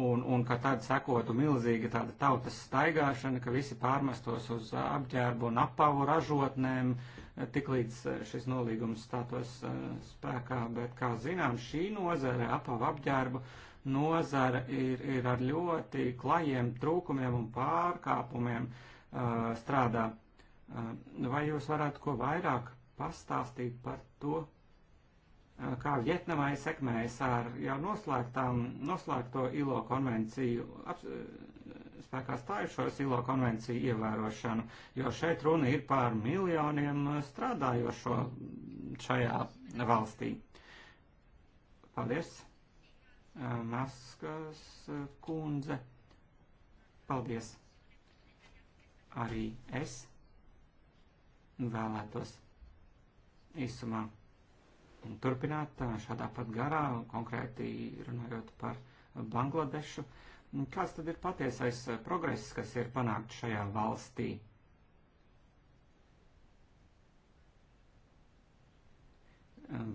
un, un ka tad sekotu milzīga tāda tautas staigāšana, ka visi pārmestos uz apģērbu un apavu ražotnēm, tik līdz šis nolīgums stātos spēkā, bet, kā zinām, šī nozare apavu apģērbu uh, nozara ir, ir ar ļoti klajiem trūkumiem un pārkāpumiem uh, strādā. Uh, vai jūs varētu ko vairāk pastāstīt par to, uh, kā Vietnamai sekmējas ar jau noslēgtām, noslēgto ILO konvenciju, ap, uh, spēkā stājušos ILO konvenciju ievērošanu, jo šeit runa ir par miljoniem strādājošo šajā valstī. Paldies! Maskas eh, kundze. Paldies! Arī es vēlētos īsumā turpināt eh, šādā pat garā, konkrēti runājot par Bangladešu. Nu, kāds tad ir patiesais eh, progress, kas ir panākt šajā valstī?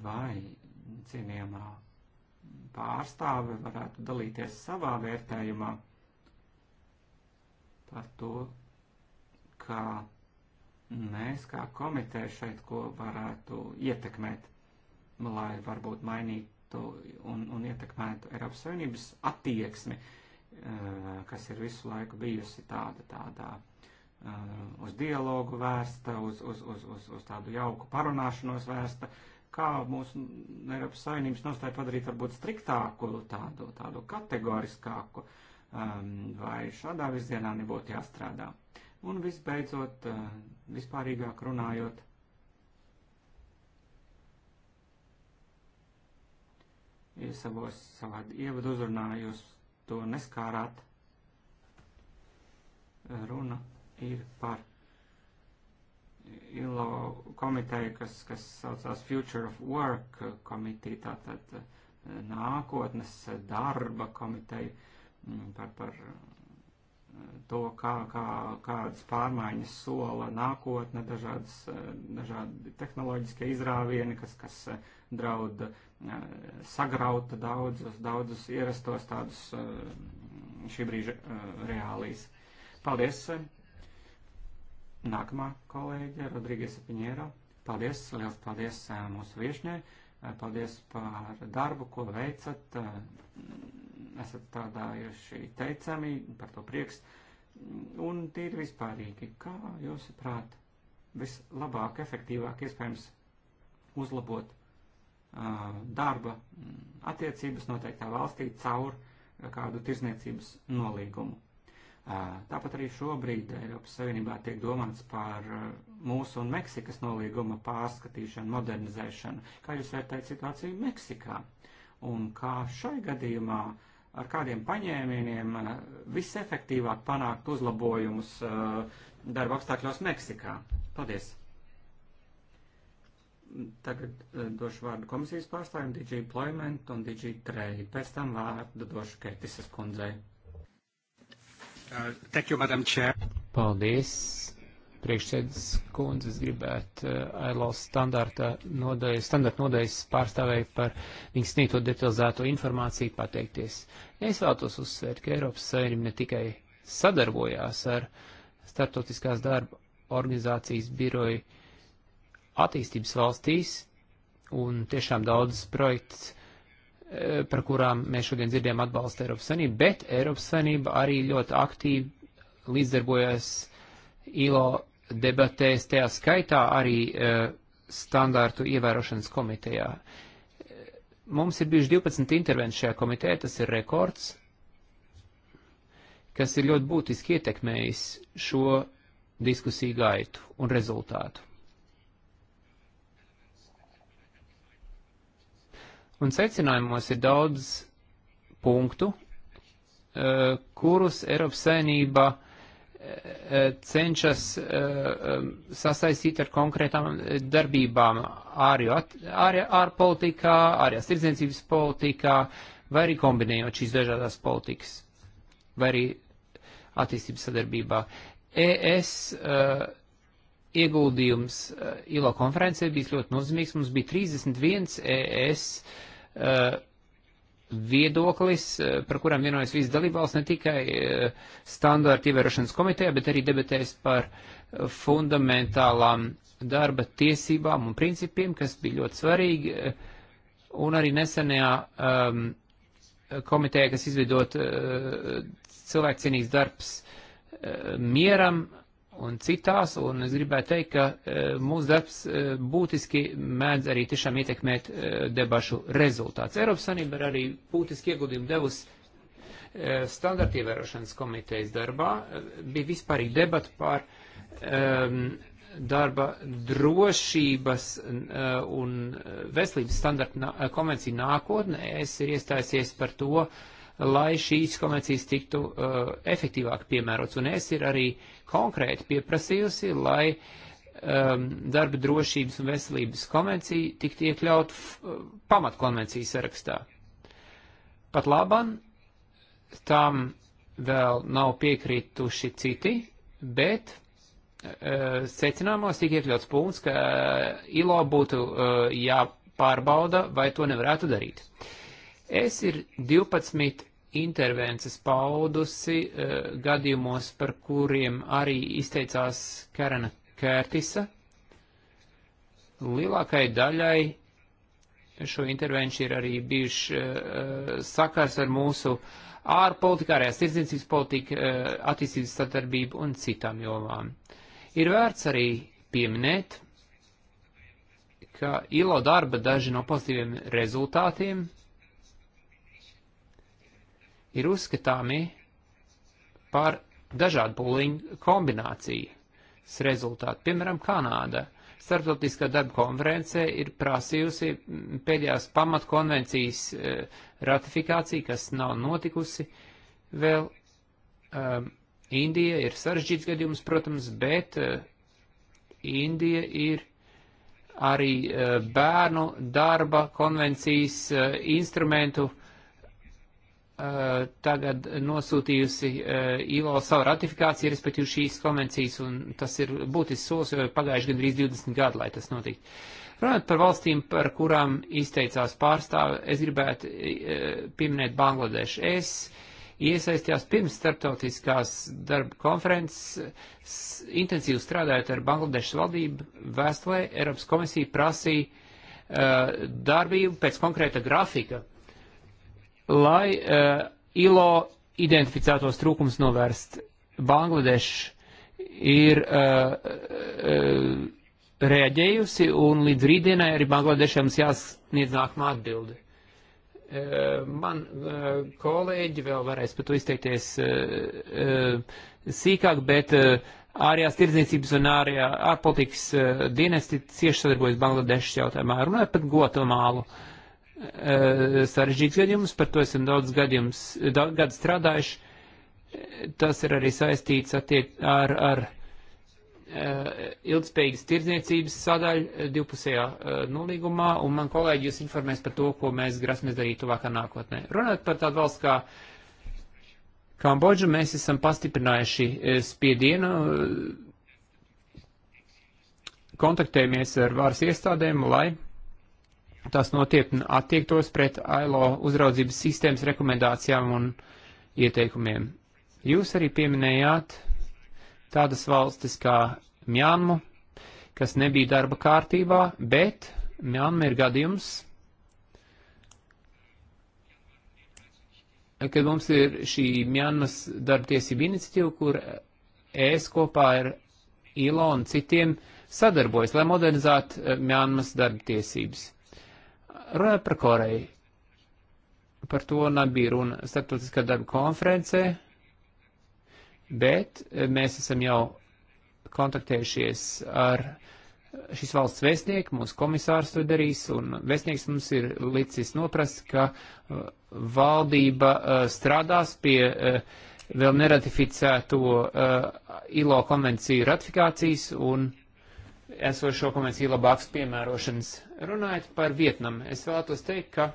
Vai, cienījamā pārstāve varētu dalīties savā vērtējumā par to, kā mēs kā komiteja šeit ko varētu ietekmēt, lai varbūt mainītu un, un ietekmētu Eiropas Savienības attieksmi, eh, kas ir visu laiku bijusi tāda, tādā eh, uz dialogu vērsta, uz, uz, uz, uz, uz tādu jauku parunāšanos vērsta, kā mūsu Eiropas Savienības nostāju padarīt varbūt striktāku, tādu, tādu kategoriskāku, um, vai šādā virzienā nebūtu jāstrādā. Un visbeidzot, uh, vispārīgāk runājot, ja savos savā ievadu uzrunā jūs to neskārāt, runa ir par ILO komiteju, kas, kas saucās Future of Work komiteja, tātad eh, nākotnes darba komiteja mm, par, par eh, to, kā, kā, kādas pārmaiņas sola nākotne, dažādas, eh, dažādi tehnoloģiskie izrāvieni, kas, kas draud sagrauta daudzus, daudzus ierastos tādus šī brīža reālīs. Paldies! Nākamā kolēģe Rodrīgesa Piņēro. Paldies, liels paldies mūsu viešņai. Paldies par darbu, ko veicat. Esat strādājuši teicami, par to prieks. Un tīri vispārīgi, kā jūs prāt vislabāk, efektīvāk iespējams uzlabot darba attiecības noteiktā valstī caur kādu tirzniecības nolīgumu? Tāpat arī šobrīd Eiropas Savienībā tiek domāts par mūsu un Meksikas nolīguma pārskatīšanu, modernizēšanu. Kā jūs vērtējat situāciju Meksikā? Un kā šai gadījumā, ar kādiem paņēmieniem visefektīvāk panākt uzlabojumus darba apstākļos Meksikā? Paldies! Tagad došu vārdu komisijas pārstāvjiem DG Employment un DG Trade. Pēc tam vārdu došu Ketises kundzei. Uh, thank you, Madam Chair. Paldies. Priekšsēdus kundze, es gribētu uh, ILO standarta nodaļas, standarta nodaļas pārstāvēju par viņas sniegto detalizēto informāciju pateikties. Es vēlos uzsvērt, ka Eiropas Savienība ne tikai sadarbojās ar starptautiskās darba organizācijas biroju attīstības valstīs, un tiešām daudz projekts Eh, par kurām mēs šodien dzirdējām atbalstu Eiropas Savienību, bet Eiropas Savienība arī ļoti aktīvi līdzdarbojas ILO debatēs, tajā skaitā arī eh, standārtu ievērošanas komitejā. Eh, mums ir bijuši 12 intervences šajā komitejā, tas ir rekords, kas ir ļoti būtiski ietekmējis šo diskusiju gaitu un rezultātu. Un secinājumos ir daudz punktu, eh, kurus Eiropas saimnība eh, eh, cenšas sasaistīt ar konkrētām darbībām ārpolitikā, ārējās tirdzniecības politikā, vai arī kombinējot šīs dažādās politikas, vai arī attīstības sadarbībā. ES ieguldījums ILO konferencē bijis ļoti nozīmīgs. Mums bija 31 ES uh, Eh, viedoklis, eh, par kurām vienojas visas dalībvalsts, ne tikai eh, standārti ievērošanas komitejā, bet arī debatēs par fundamentālām darba tiesībām un principiem, kas bija ļoti svarīgi, un arī nesenajā um, komitejā, kas izvidot uh, cilvēkcienīgs darbs uh, mieram, uh, un citās, un es gribētu teikt, ka e, mūsu darbs e, būtiski mēdz arī tiešām ietekmēt e, debašu rezultāts. Eiropas Sanība ir arī būtiski ieguldījumu devusi standarta ievērošanas komitejas darbā. Bija vispārīgi debata par um, darba drošības un veselības standarta konvenciju nākotnē. Es ir iestājusies par to, uh, lai šīs konvencijas tiktu uh, efektīvāk piemērots. Un es ir arī konkrēti pieprasījusi, lai um, darba drošības un veselības konvencija tiktu iekļaut uh, pamatkonvencijas sarakstā. Pat laban tam vēl nav piekrituši citi, bet uh, secinājumos tika iekļauts punkts, ka uh, ILO būtu uh, jāpārbauda, vai to nevarētu darīt. Es ir 12 intervences paudusi eh, gadījumos, par kuriem arī izteicās Karena Kērtisa. Lielākai daļai šo intervenciju ir arī bijuši uh, sakars ar mūsu ārpolitikā, arī tirdzniecības politika, uh, attīstības sadarbību un citām jomām. Ir vērts arī pieminēt, ka ILO darba daži no pozitīviem rezultātiem ir uzskatāmi par dažādu pūliņu kombinācijas rezultātu. Piemēram, Kanāda starptautiskā darba konferencē ir prasījusi pēdējās pamatkonvencijas eh, ratifikāciju, kas nav notikusi vēl. Um, Indija ir sarežģīts gadījums, protams, bet uh, Indija ir arī uh, bērnu darba konvencijas uh, instrumentu uh, Uh, tagad nosūtījusi uh, ILO savu ratifikāciju, respektīvi šīs konvencijas, un tas ir būtisks solis, jo ir pagājuši gandrīz 20 gadi, lai tas notiktu. Runājot par valstīm, par kurām izteicās pārstāve, es gribētu uh, pieminēt Bangladešu. Es iesaistījās pirms starptautiskās darba konferences, intensīvi strādājot ar Bangladešas valdību, vēstulē Eiropas komisija prasīja uh, darbību pēc konkrēta grafika lai uh, ILO identificētos trūkums novērst. Bangladeša ir uh, uh, reaģējusi un līdz rītdienai arī Bangladešams jāsniedz nākamā atbildi. Uh, man uh, kolēģi vēl varēs par to izteikties uh, sīkāk, bet ārējās tirdzniecības un ārējā ārpolitikas dienesti cieši sadarbojas Bangladešas jautājumā. Runājot par Gotamālu. Uh, Eh, sarežģīts gadījums, par to esam daudz gadījums, daudz gadu strādājuši. Tas ir arī saistīts attiek, ar, ar eh, ilgspējīgas tirdzniecības sadaļu eh, divpusējā nolīgumā, un man kolēģi jūs informēs par to, ko mēs grasamies darīt tuvākā nākotnē. Runājot par tādu valsts kā Kambodžu, mēs esam pastiprinājuši spiedienu, kontaktējamies ar varas iestādēm, lai tas notiekni attiektos pret ILO uzraudzības sistēmas rekomendācijām un ieteikumiem. Jūs arī pieminējāt tādas valstis kā Mjānmu, kas nebija darba kārtībā, bet Mjānma ir gadījums, kad mums ir šī Mjānmas darba tiesība iniciatīva, kur ES kopā ar ILO un citiem sadarbojas, lai modernizētu eh, Mjānmas darba tiesības. Runājot par Koreju, par to nebija runa starptautiskā darba konferencē, bet mēs esam jau kontaktējušies ar šīs valsts vēstnieku, mūsu komisārs to darīs, un vēstnieks mums ir licis noprast, ka uh, valdība uh, strādās pie uh, vēl neratificēto ILO konvenciju ratifikācijas un esošo konvenciju labāks piemērošanas. Runājot par Vietnamu, es vēlētos teikt, ka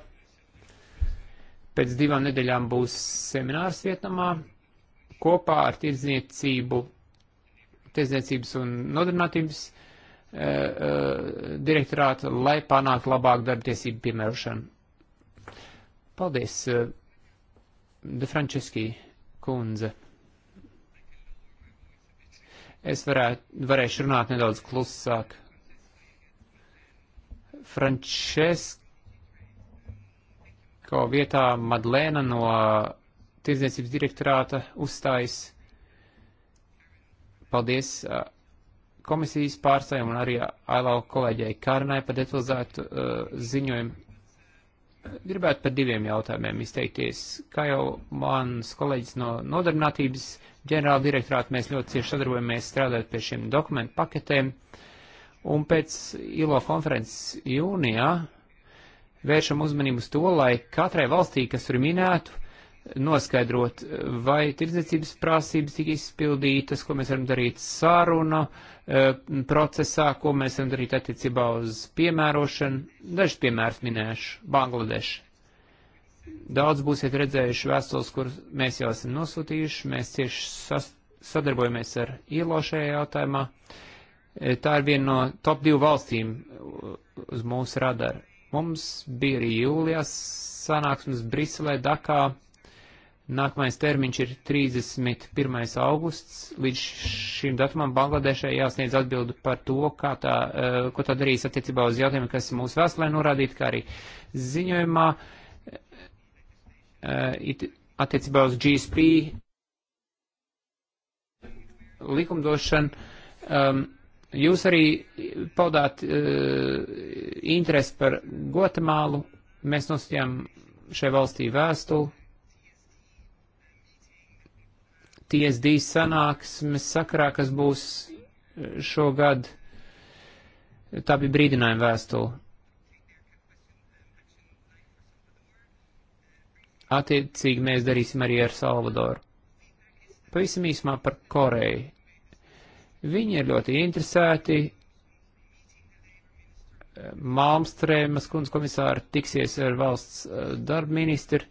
pēc divām nedēļām būs seminārs Vietnamā kopā ar tirdzniecību, tirdzniecības un nodarbinātības e, e, direktorātu, lai panāktu labāku darbtiesību piemērošanu. Paldies, e, De Franceski kundze. Es varētu, varēšu runāt nedaudz klusāk. Frančesko vietā Madlēna no tirdzniecības direktorāta uzstājas. Paldies komisijas pārstāvjiem un arī ailau kolēģei Kārnai par detalizētu uh, ziņojumu gribētu par diviem jautājumiem izteikties. Kā jau mans kolēģis no nodarbinātības ģenerāla direktorāta, mēs ļoti cieši sadarbojamies strādāt pie šiem dokumentu paketēm. Un pēc ILO konferences jūnijā vēršam uzmanību uz to, lai katrai valstī, kas tur minētu, noskaidrot, vai tirdzniecības prasības tika izpildītas, ko mēs varam darīt saruna, uh, Eh, procesā, ko mēs varam darīt attiecībā uz piemērošanu. Dažs piemērs minēšu - Bangladeša. Daudz būsiet redzējuši vēstules, kur mēs jau esam nosūtījuši, mēs cieši sadarbojamies ar ILO šajā jautājumā. Eh, tā ir viena no top divu valstīm eh, uz mūsu radara. Mums bija arī jūlijās sanāksmes Briselē, Dakā, Nākamais termiņš ir 31. augusts. Līdz šim datumam Bangladešai jāsniedz atbildi par to, kā tā, eh, ko tā darīs attiecībā uz jautājumiem, kas mūsu vēstulē norādīti, kā arī ziņojumā eh, attiecībā uz GSP likumdošanu. Um, jūs arī paudāt eh, interesi par Gotemālu. Mēs nosūtījām šai valstī vēstuli TSD sanāksmes sakrā, kas būs eh, šogad. Tā bija brīdinājuma vēstule. Attiecīgi mēs darīsim arī ar Salvadoru. Pavisam īsumā par Koreju. Viņi ir ļoti interesēti. Malmstrēmas kundz komisāri tiksies ar valsts eh, darba ministru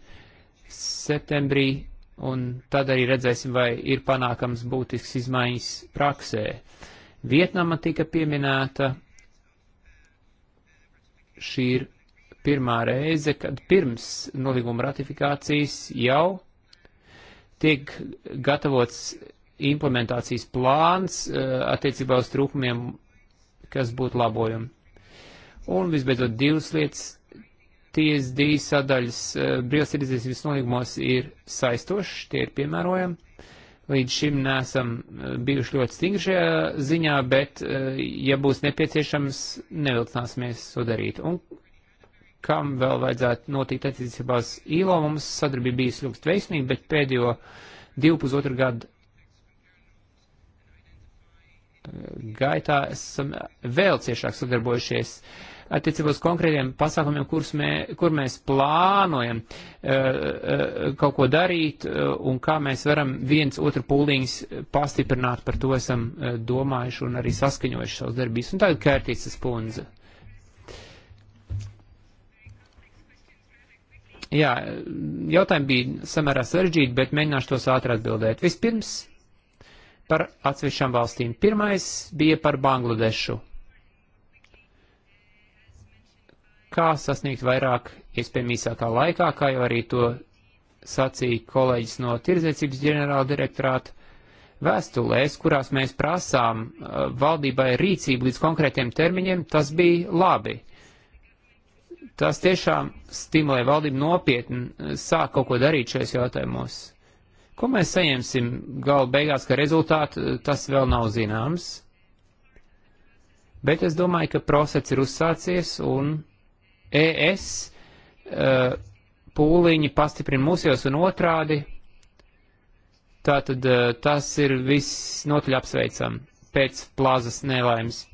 septembrī un tad arī redzēsim, vai ir panākams būtisks izmaiņas praksē. Vietnama tika pieminēta, šī ir pirmā reize, kad pirms nolīguma ratifikācijas jau tiek gatavots implementācijas plāns eh, attiecībā uz trūkumiem, kas būtu labojumi. Un visbeidzot divas lietas TSD sadaļas eh, brīvas tirdzniecības nolīgumos ir saistošas, tie ir piemērojami. Līdz šim nesam eh, bijuši ļoti stingri šajā ziņā, bet, eh, ja būs nepieciešams, nevilcināsimies to darīt. Un kam vēl vajadzētu notikt attiecībās ILO, mums sadarbība bijusi ļoti veiksmīga, bet pēdējo divu pusotru gadu gaitā esam vēl ciešāk sadarbojušies uh, attiecībā uz konkrētiem pasākumiem, mē, kur mēs plānojam uh, uh, kaut ko darīt uh, un kā mēs varam viens otru pūliņus pastiprināt, par to esam uh, domājuši un arī saskaņojuši savus darbības. Un tagad Kērtīcas pundze. Jā, jautājumi bija samērā sarežģīti, bet mēģināšu tos ātri atbildēt. Vispirms par atsevišķām valstīm. Pirmais bija par Bangladešu. kā sasniegt vairāk iespējami īsākā laikā, kā jau arī to sacīja kolēģis no Tirzniecības ģenerāla direktorāta vēstulēs, kurās mēs prasām uh, valdībai rīcību līdz konkrētiem termiņiem, tas bija labi. Tas tiešām stimulē valdību nopietni uh, sāk kaut ko darīt šajos jautājumos. Ko mēs saņemsim galu beigās, ka rezultāti uh, tas vēl nav zināms, bet es domāju, ka process ir uzsācies un ES eh, pūliņi pastiprina mūsējos un otrādi. Tātad eh, tas ir viss notaļ apsveicam pēc plazas nelaimes.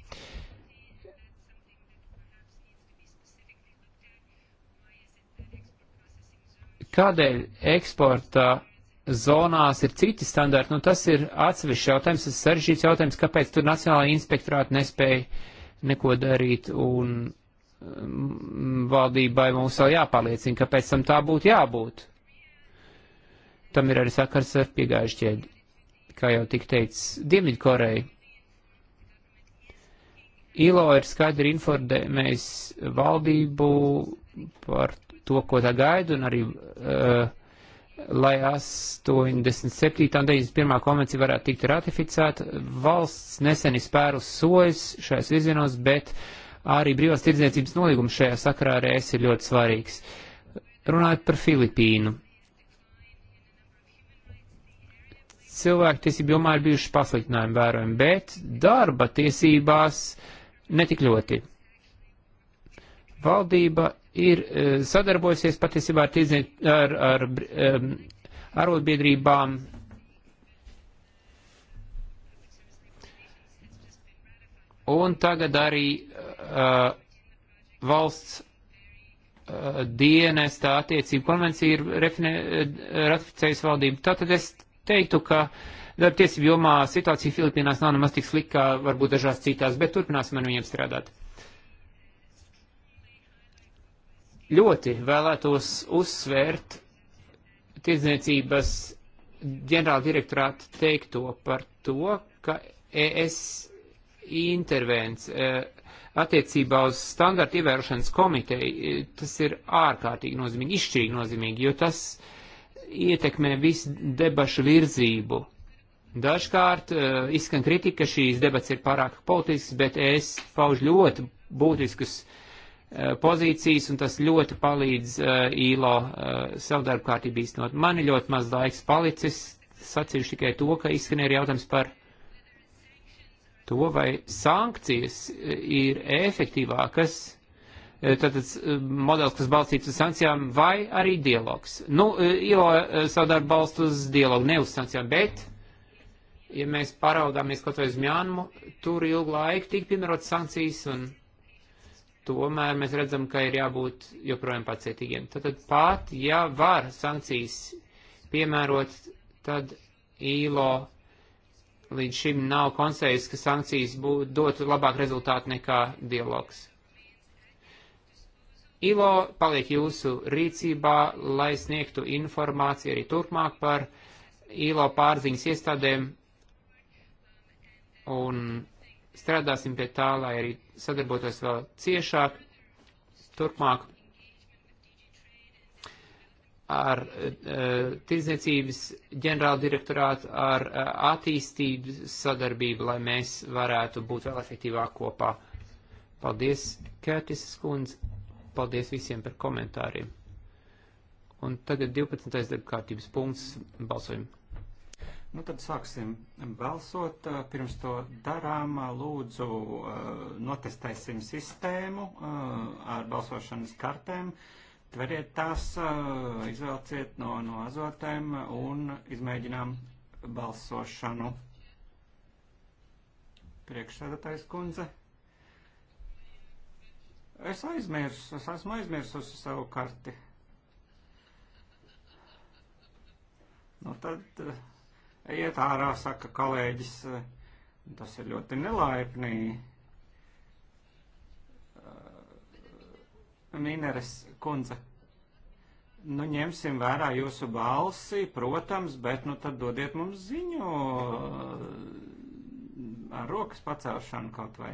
kādēļ eksporta zonās ir citi standarti, nu tas ir atsevišķs jautājums, tas sarežģīts jautājums, kāpēc tur Nacionālā inspektorāta nespēja neko darīt un Mm, valdībai mums vēl jāpārliecina, ka pēc tam tā būtu jābūt. Tam ir arī sakars ar piegājušu ķēdi, kā jau tik teicis Dienvidkoreja. ILO ir skaidri informējis valdību par to, ko tā gaida, un arī, uh, lai 87. un 91. konvencija varētu tikt ratificēta, valsts nesen izpērus sojas šajās virzienos, bet uh, Arī brīvās tirdzniecības nolīgums šajā sakarā ar ES ir ļoti svarīgs. Runājot par Filipīnu. Cilvēktiesību jomā ir bijuši pasliktinājumi vērojami, bet darba tiesībās netik ļoti. Valdība ir e, sadarbojasies patiesībā ar, tirdzniec, ar, ar, ar e, arotbiedrībām Un tagad arī uh, valsts uh, dienesta attiecību konvencija ir refine, uh, ratificējusi valdību. Tātad es teiktu, ka darba tiesību jomā situācija Filipīnās nav nemaz tik slikta, kā varbūt dažās citās, bet turpināsim ar viņiem strādāt. Ļoti vēlētos uzsvērt tirdzniecības ģenerāla direktorāta teikto par to, ka es intervents eh, attiecībā uz standartu ievērošanas komiteju, eh, tas ir ārkārtīgi nozīmīgi, izšķirīgi nozīmīgi, jo tas ietekmē visu debašu virzību. Dažkārt uh, izskan kritika, ka šīs debats ir pārāk politisks, bet es pauž ļoti būtiskas uh, pozīcijas, un tas ļoti palīdz uh, īlo uh, savu darbu kārtību īstenot. Man ir ļoti maz laiks palicis, sacīšu tikai to, ka izskan ir jautājums par to, vai sankcijas ir efektīvākas, tātad e, e, modelis, kas balstīts uz sankcijām, vai arī dialogs. Nu, e, ILO savu darbu balst uz dialogu, ne uz sankcijām, bet, ja mēs paraudāmies kaut vai uz Mjānmu, tur ilgu laiku tika piemērotas sankcijas, un tomēr mēs redzam, ka ir jābūt joprojām pacietīgiem. Tātad pat, ja var sankcijas piemērot, tad ILO līdz šim nav konsensus, ka sankcijas būtu dotu labāk rezultātu nekā dialogs. ILO paliek jūsu rīcībā, lai sniegtu informāciju arī turpmāk par ILO pārziņas iestādēm un strādāsim pie tā, lai arī sadarbotos vēl ciešāk turpmāk ar eh, tirdzniecības ģenerāla direktorātu, ar eh, attīstības sadarbību, lai mēs varētu būt vēl efektīvāk kopā. Paldies, Kērtis Skundz, paldies visiem par komentāriem. Un tagad 12. darba kārtības punkts balsojumu. Nu tad sāksim balsot. Eh, pirms to darām, lūdzu, notestēsim sistēmu ar balsošanas kartēm. Uh, Tveriet tās, eh, izvelciet no, no azotēm un izmēģinām balsošanu. Priekšsēdētājs kundze. Es aizmirsu, es esmu aizmirsusi savu karti. Nu tad eh, ejiet ārā, saka kolēģis. Eh, tas ir ļoti nelaipnīgi. Mineres kundze. Nu, ņemsim vērā jūsu balsi, protams, bet nu tad dodiet mums ziņu uh, ar rokas pacelšanu kaut vai.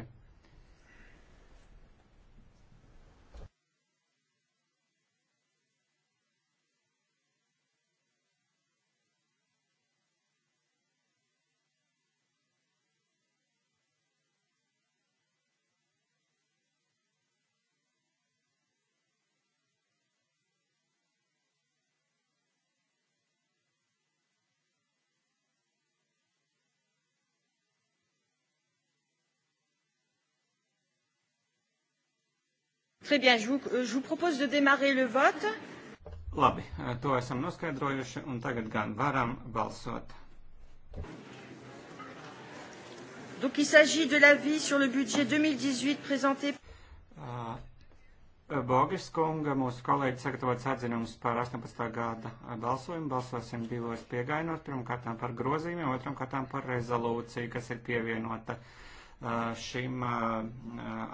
Très bien, je vous, euh, je vous propose de démarrer le vote. Labi, eh, to esam noskaidrojuši un tagad gan varam balsot. Donc il s'agit de l'avis sur le budget 2018 présenté. Uh, Bogis kunga, mūsu kolēģis sagatavots atzinums par 18. gada balsojumu. Balsosim divos piegainos, pirmkārtām par grozījumiem, otram kārtām par rezolūciju, kas ir pievienota uh, šim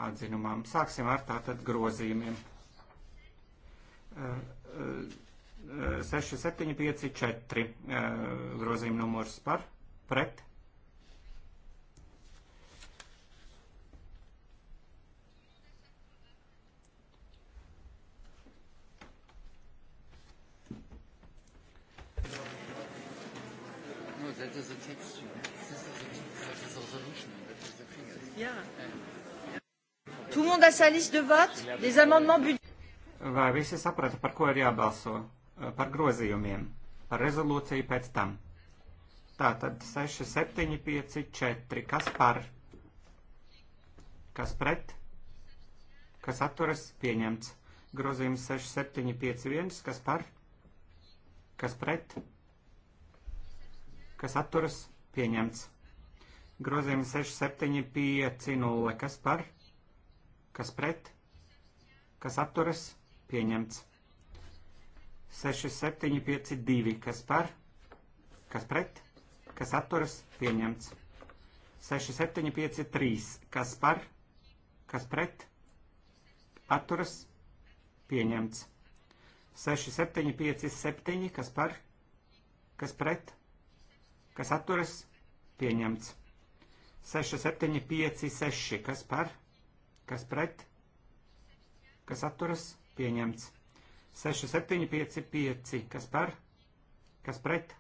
atzinumam. Sāksim ar tātad grozījumiem. 6, 7, 5, 4 grozījuma numurs par, pret. No, that is a texture. Tout le monde a sa liste de vote? Les amendements budget. Vai visi saprata, par ko ir jābalso? Par grozījumiem. Par rezolūciju pēc tam. Tātad 6, 7, 5, 4. Kas par? Kas pret? Kas atturas? Pieņemts. Grozījums 6, 7, 5, 1. Kas par? Kas pret? Kas atturas? Pieņemts. Grozījums 675 nulle. Kas par? Kas pret? Kas atturas? Pieņemts. 675 2. Kas par? Kas pret? Kas atturas? Pieņemts. 6753. Kas par? Kas pret? Atturas? Pieņemts. 6757. Kas par? Kas pret? Kas atturas? Pieņemts. 6, 7, 5, 6. Kas par? Kas pret? Kas atturas? Pieņemts. 6, 7, 5, 5. Kas par? Kas pret?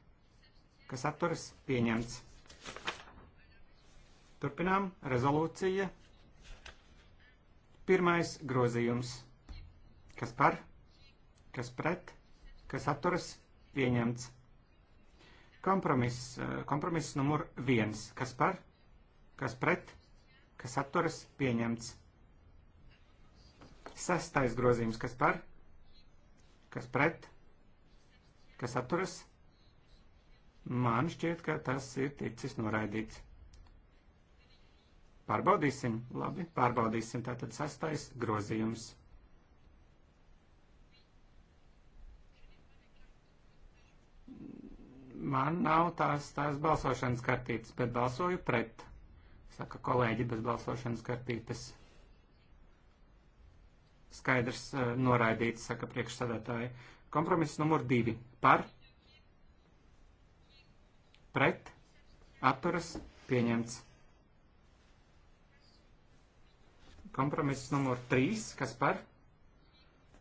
Kas atturas? Pieņemts. Turpinām. Rezolūcija. Pirmais grozījums. Kas par? Kas pret? Kas atturas? Pieņemts. Kompromiss, eh, kompromiss numur viens. Kas par? kas pret, kas atturas, pieņemts. Sestais grozījums, kas par, kas pret, kas atturas, man šķiet, ka tas ir ticis noraidīts. Pārbaudīsim, labi, pārbaudīsim, tātad sestais grozījums. Man nav tās, tās balsošanas kartītes, bet balsoju pret saka kolēģi bez balsošanas kartītes. Skaidrs eh, noraidīts, saka priekšsēdētāji. Kompromiss numur divi. Par, pret, atturas, pieņemts. Kompromiss numur trīs. Kas par,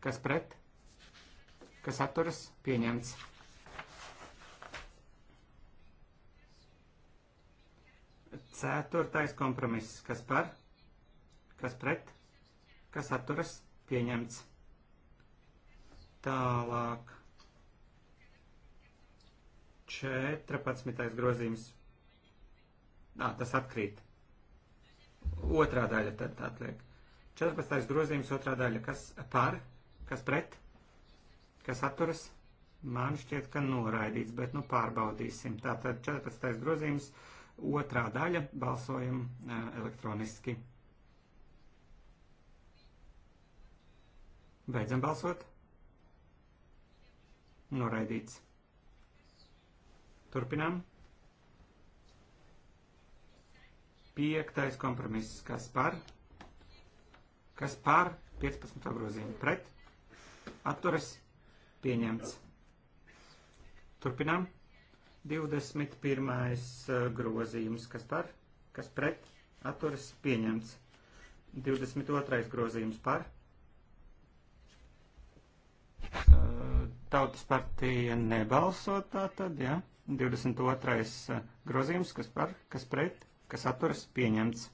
kas pret, kas atturas, pieņemts. Ceturtais kompromiss. Kas par? Kas pret? Kas atturas? Pieņemts. Tālāk. 14. grozījums. Nā, tas atkrīt. Otrā daļa tad atliek. 14. grozījums, otrā daļa. Kas par? Kas pret? Kas atturas? Man šķiet, ka noraidīts, bet nu pārbaudīsim. Tātad 14. grozījums. Uh, Otrā daļa balsojam eh, elektroniski. Beidzam balsot. Noraidīts. Turpinām. Piektais kompromiss. Kas par? Kas par 15. grozījumu? Pret? Atturas? Pieņemts. Turpinām. 21. Eh, grozījums, kas par, kas pret, atturas pieņemts. 22. grozījums par. Eh, tautas partija nebalso tātad, jā. Ja? 22. Eh, grozījums, kas par, kas pret, kas atturas pieņemts.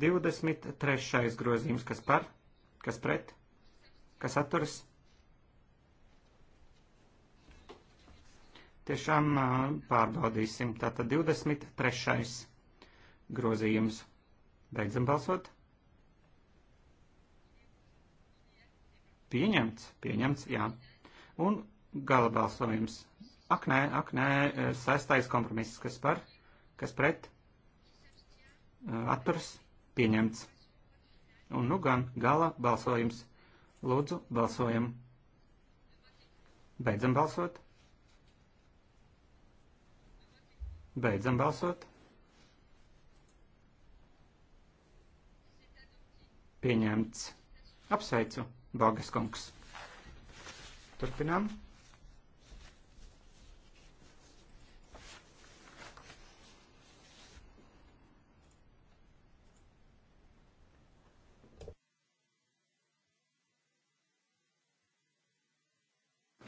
23. grozījums, kas par, kas pret, kas atturas pieņemts Tiešām pārbaudīsim. Tātad 23. grozījums. Beidzam balsot. Pieņemts, pieņemts, jā. Un gala balsojums. Ak nē, ak nē, sestais kompromiss, kas par, kas pret, atturs, pieņemts. Un nu gan gala balsojums. Lūdzu, balsojam. Beidzam balsot. Beidzam balsot. Pieņemts. Apsveicu, Bogas kungs. Turpinām.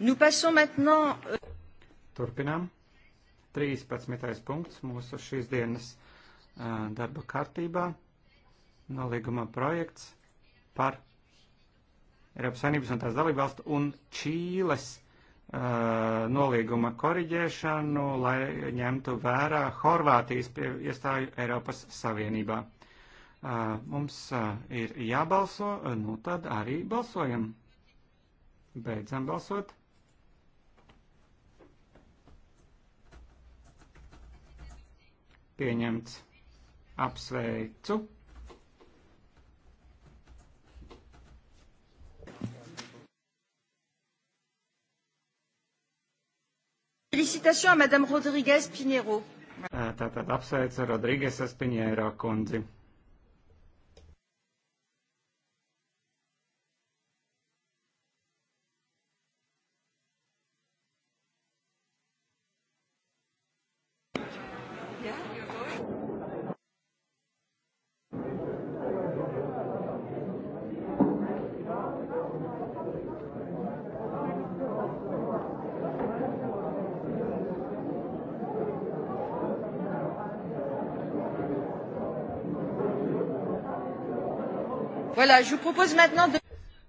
Nous passons maintenant. Euh, Turpinām. 13. punkts mūsu šīs dienas darba kārtībā - nolīguma projekts par Eiropas Savienības un tās dalībvalstu un Čīles nolīguma koriģēšanu, lai ņemtu vērā Horvātijas iestāju Eiropas Savienībā. Mums ir jābalso, nu tad arī balsojam. Beidzam balsot. pieņemts. Apsveicu. Félicitations à Madame Rodriguez Pinheiro. Tātad apsveicu Rodriguezas Pinheiro kundzi.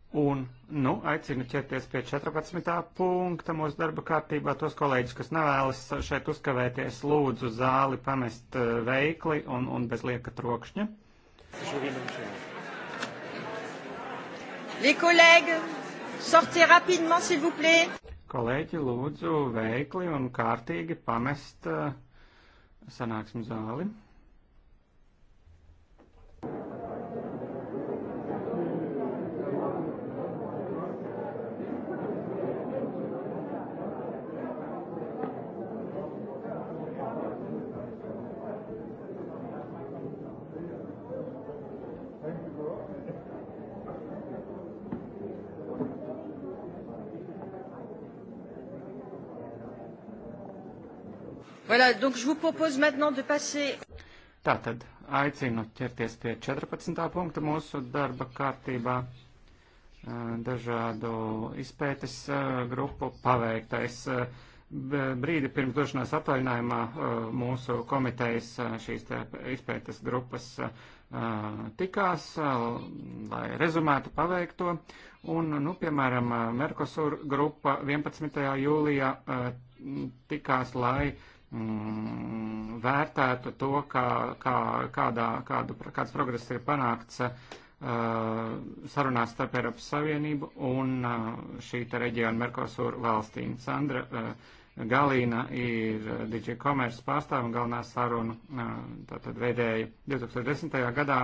Un, nu, aicinu ķerties pie 14. punkta mūsu darba kārtībā. Tos kolēģis, kas nevēlas šeit uzkavēties, lūdzu zāli pamest eh, veikli un, un bez lieka trokšņa. Les collègues, sortez rapidement, s'il vous plaît. Kolēģi, lūdzu veikli un kārtīgi pamest eh, sanāksmu zāli. Voilà, donc je vous propose maintenant de passer. Tātad aicinu ķerties pie 14. punkta mūsu darba kārtībā dažādu izpētes grupu paveiktais. Brīdi pirms došanās atvaļinājumā mūsu komitejas šīs izpētes grupas tikās, lai rezumētu paveikto. Un, nu, piemēram, Merkosur grupa 11. jūlijā tikās, lai mm, vērtētu to, kā, kā, kādā, kādu, kāds progress ir panākts uh, sarunās starp Eiropas Savienību un uh, šī te reģiona Merkosur valstīm. Sandra uh, Galīna ir uh, DJ Commerce pārstāva un galvenā saruna uh, tātad veidēja 2010. gadā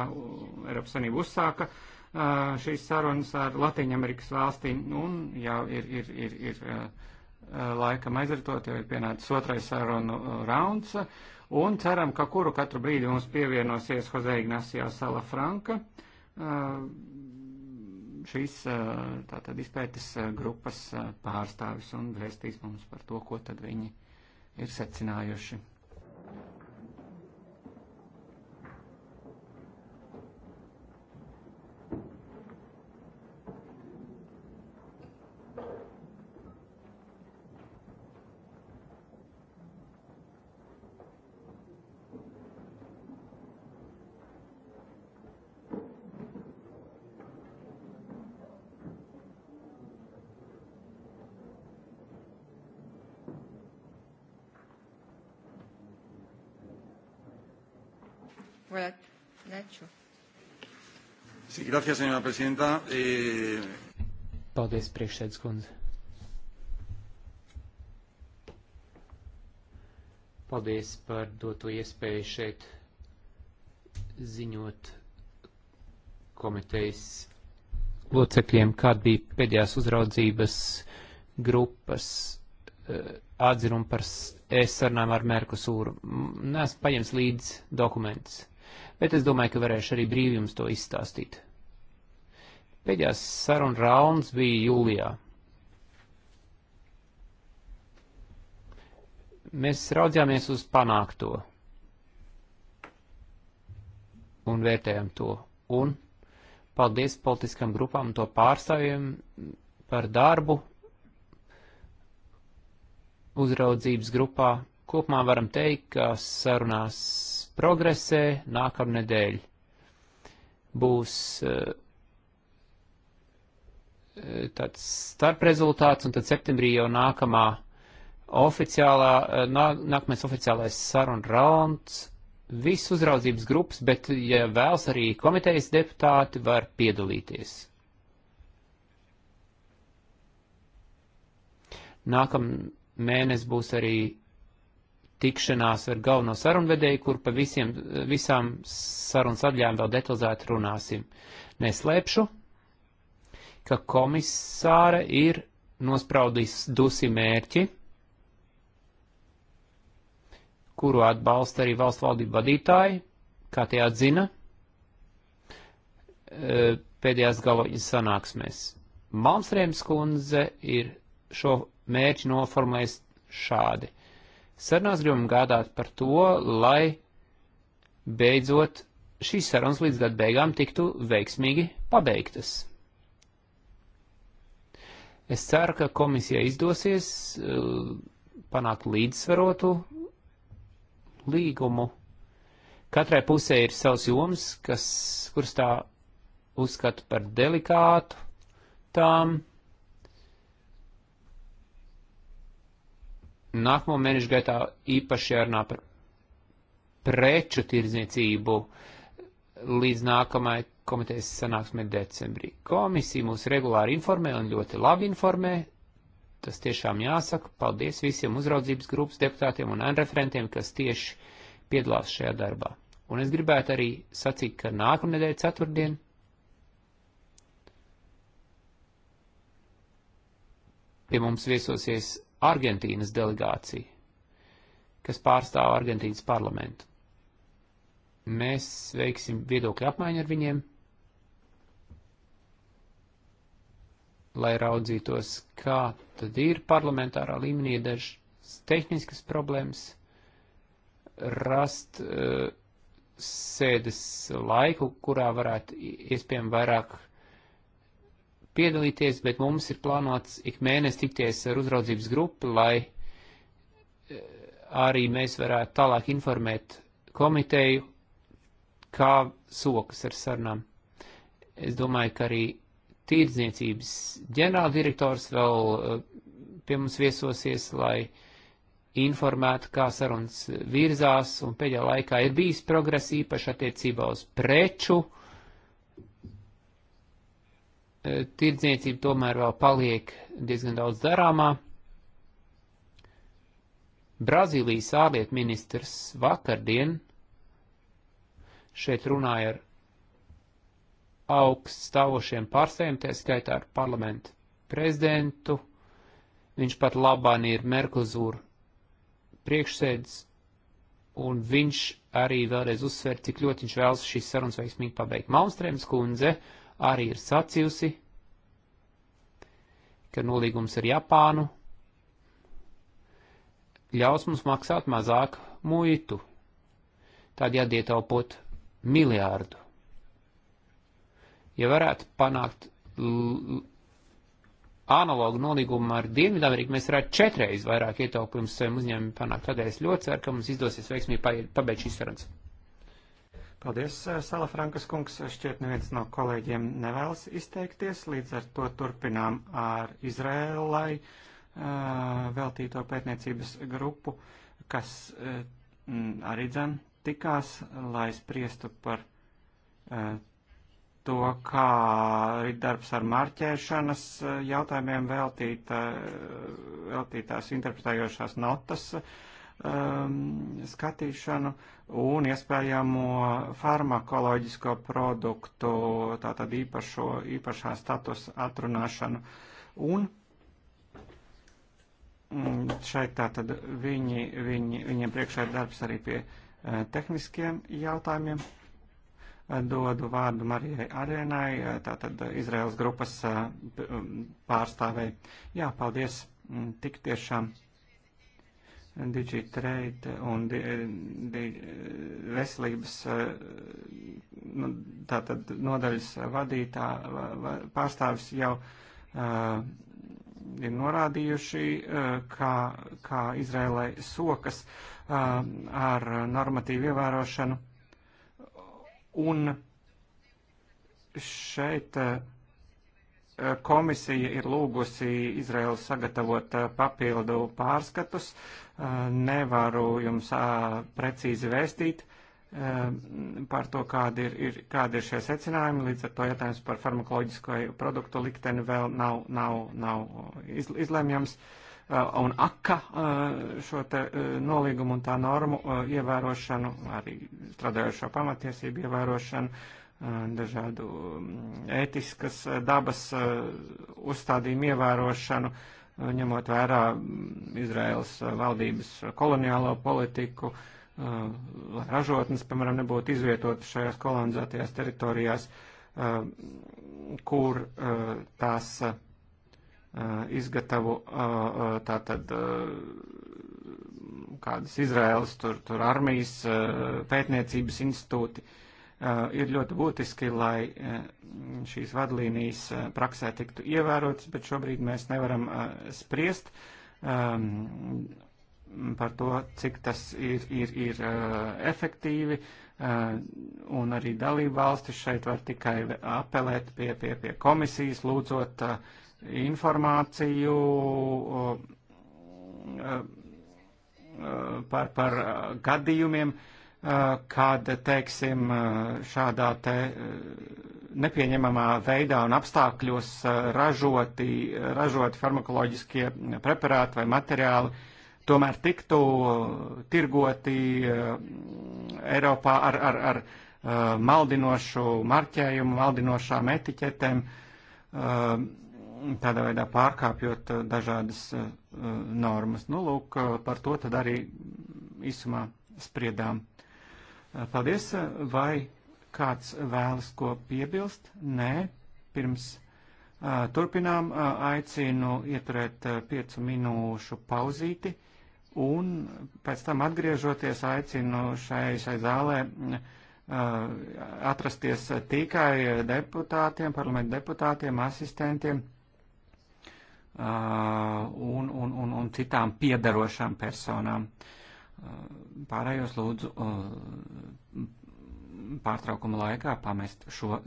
Eiropas Savienība uzsāka uh, šīs sarunas ar Latīņamerikas valstīm un jau ir, ir, ir, ir, ir uh, Eh, laikam aizritot, jo ir pienācis otrais sarunu eh, rauns, un ceram, ka kuru katru brīdi mums pievienosies Jose Ignacijā Sala Franka eh, šīs tātad izpētes grupas pārstāvis un vēstīs mums par to, ko tad viņi ir secinājuši. Gracias, señora presidenta. E... Paldies, priekšsēdus kundze. Paldies par doto iespēju šeit ziņot komitejas locekļiem, kāda bija pēdējās uzraudzības grupas eh, atzinumu par e-sarunām ar Merkusūru. Nesmu paņems līdz dokumentus, bet es domāju, ka varēšu arī brīvi jums to izstāstīt. Pēdējās saruna rauns bija jūlijā. Mēs raudzījāmies uz panākto un vērtējam to. Un paldies politiskam grupām un to pārstāvjiem par darbu uzraudzības grupā. Kopumā varam teikt, ka sarunās progresē nākamnedēļ būs uh, Eh, tāds starprezultāts, un tad septembrī jau nākamā oficiālā, eh, nā, nākamais oficiālais saruna rauns. Viss uzraudzības grupas, bet, ja vēls, arī komitejas deputāti var piedalīties. Nākam mēnes būs arī tikšanās ar galveno sarunvedēju, kur pa visiem, visām sarunas atļām vēl detalizēti runāsim. Neslēpšu, ka komisāra ir nospraudījusi mērķi, kuru atbalsta arī valsts valdību vadītāji, kā tie atzina e, pēdējās galvaņas sanāksmēs. Malmstrēms kundze ir šo mērķi noformulējis šādi. Sarunās gribam gādāt par to, lai beidzot šīs sarunas līdz gada beigām tiktu veiksmīgi pabeigtas. Es ceru, ka komisija izdosies uh, panākt līdzsvarotu līgumu. Katrai pusē ir savs joms, kas, kuras tā uzskata par delikātu tām. Nākamo mēnešu gaitā īpaši jārunā par preču tirdzniecību līdz nākamai komitejas sanāksme decembrī. Komisija mūs regulāri informē un ļoti labi informē. Tas tiešām jāsaka. Paldies visiem uzraudzības grupas deputātiem un referentiem, kas tieši piedalās šajā darbā. Un es gribētu arī sacīt, ka nākamnedēļ ceturtdien pie mums viesosies Argentīnas delegācija, kas pārstāv Argentīnas parlamentu. Mēs veiksim viedokļu apmaiņu ar viņiem lai raudzītos, kā tad ir parlamentārā līmenī dažas tehniskas problēmas, rast uh, sēdes laiku, kurā varētu iespējami vairāk piedalīties, bet mums ir plānots ik mēnesi tikties ar uzraudzības grupu, lai eh, arī mēs varētu tālāk informēt komiteju, kā sokas ar sarunām. Es domāju, ka arī tīrdzniecības ģenerāldirektors vēl eh, pie mums viesosies, lai informētu, kā sarunas virzās, un pēdējā laikā ir bijis progress īpaši attiecībā uz preču. Eh, tirdzniecība tomēr vēl paliek diezgan daudz darāmā. Brazīlijas ārlietu ministrs vakardien šeit runāja ar augsts stāvošiem pārstāvjiem, tā skaitā ar parlamentu prezidentu. Viņš pat labāk ir Merkuzūra priekšsēdis, un viņš arī vēlreiz uzsver, cik ļoti viņš vēlas šīs sarunas veiksmīgi pabeigt. Malmstrēms kundze arī ir sacījusi, ka nolīgums ar Japānu ļaus mums maksāt mazāk muitu, tādējādi ietaupot miljārdu ja varētu panākt analogu nolīgumu ar Dienvidameriku, mēs varētu četreiz vairāk ietaupījumus saviem uzņēmumiem panākt. Tādēļ es ļoti ceru, ka mums izdosies veiksmīgi pabeigt šīs sarunas. Paldies, eh, Sala Frankas kungs. Šķiet, neviens no kolēģiem nevēlas izteikties. Līdz ar to turpinām ar Izrēlai eh, veltīto pētniecības grupu, kas eh, arī dzem tikās, lai spriestu par to, kā darbs ar marķēšanas eh, jautājumiem veltīta, eh, veltītās interpretējošās notas um, skatīšanu un iespējamo farmakoloģisko produktu, tātad īpašo, īpašā status atrunāšanu. Un mm, šeit tātad viņi, viņi, viņiem priekšā ir darbs arī pie eh, tehniskiem jautājumiem dodu vārdu Marijai Arēnai, tātad Izraels grupas pārstāvei. Jā, paldies, mm, tik tiešām. Digitrade un di, di, veselības nu, tātad nodaļas vadītā pārstāvis jau uh, ir norādījuši, kā, kā Izrēlai sokas ar normatīvu ievērošanu. Un šeit eh, komisija ir lūgusi Izraēlu sagatavot eh, papildu pārskatus. Eh, nevaru jums precīzi vēstīt par to, kādi ir, ir, kādi ir šie secinājumi. Līdz ar to jautājums par farmakoloģisko produktu likteni vēl nav, nav, nav izlemjams. Izl Uh, un AKA uh, šo te uh, nolīgumu un tā normu ievērošanu, arī strādājošo pamatiesību ievērošanu, dažādu um, ētiskas dabas uzstādījumu ievērošanu, ņemot vērā mm, Izraels valdības koloniālo politiku, lai ražotnes, piemēram, nebūtu izvietotas šajās kolonizētajās teritorijās, kur tās Eh, izgatavo eh, eh, tātad kādas Izraels, tur, tur armijas pētniecības institūti. Ir ļoti būtiski, lai šīs vadlīnijas praksē tiktu ievērotas, bet šobrīd mēs nevaram spriest ehm, par to, cik tas ir, ir, ir efektīvi, un arī dalību valstis šeit var tikai apelēt pie, pie, pie komisijas, lūdzot uh, informāciju uh, uh, par, par gadījumiem, uh, kad, teiksim, šādā te nepieņemamā veidā un apstākļos ražoti, ražoti farmakoloģiskie preparāti vai materiāli tomēr tiktu tirgoti Eiropā ar, ar, ar maldinošu marķējumu, maldinošām etiķetēm tādā veidā pārkāpjot eh, dažādas eh, normas. Nu, lūk, eh, par to tad arī īsumā spriedām. Paldies, vai kāds vēlas ko piebilst? Nē, pirms turpinām aicinu ieturēt piecu minūšu pauzīti un pēc tam atgriežoties aicinu šai, šai zālē mm, atrasties tikai deputātiem, parlamentu deputātiem, asistentiem Uh, un, un, un, un citām piedarošām personām. Uh, pārējos lūdzu uh, pārtraukuma laikā pamest šo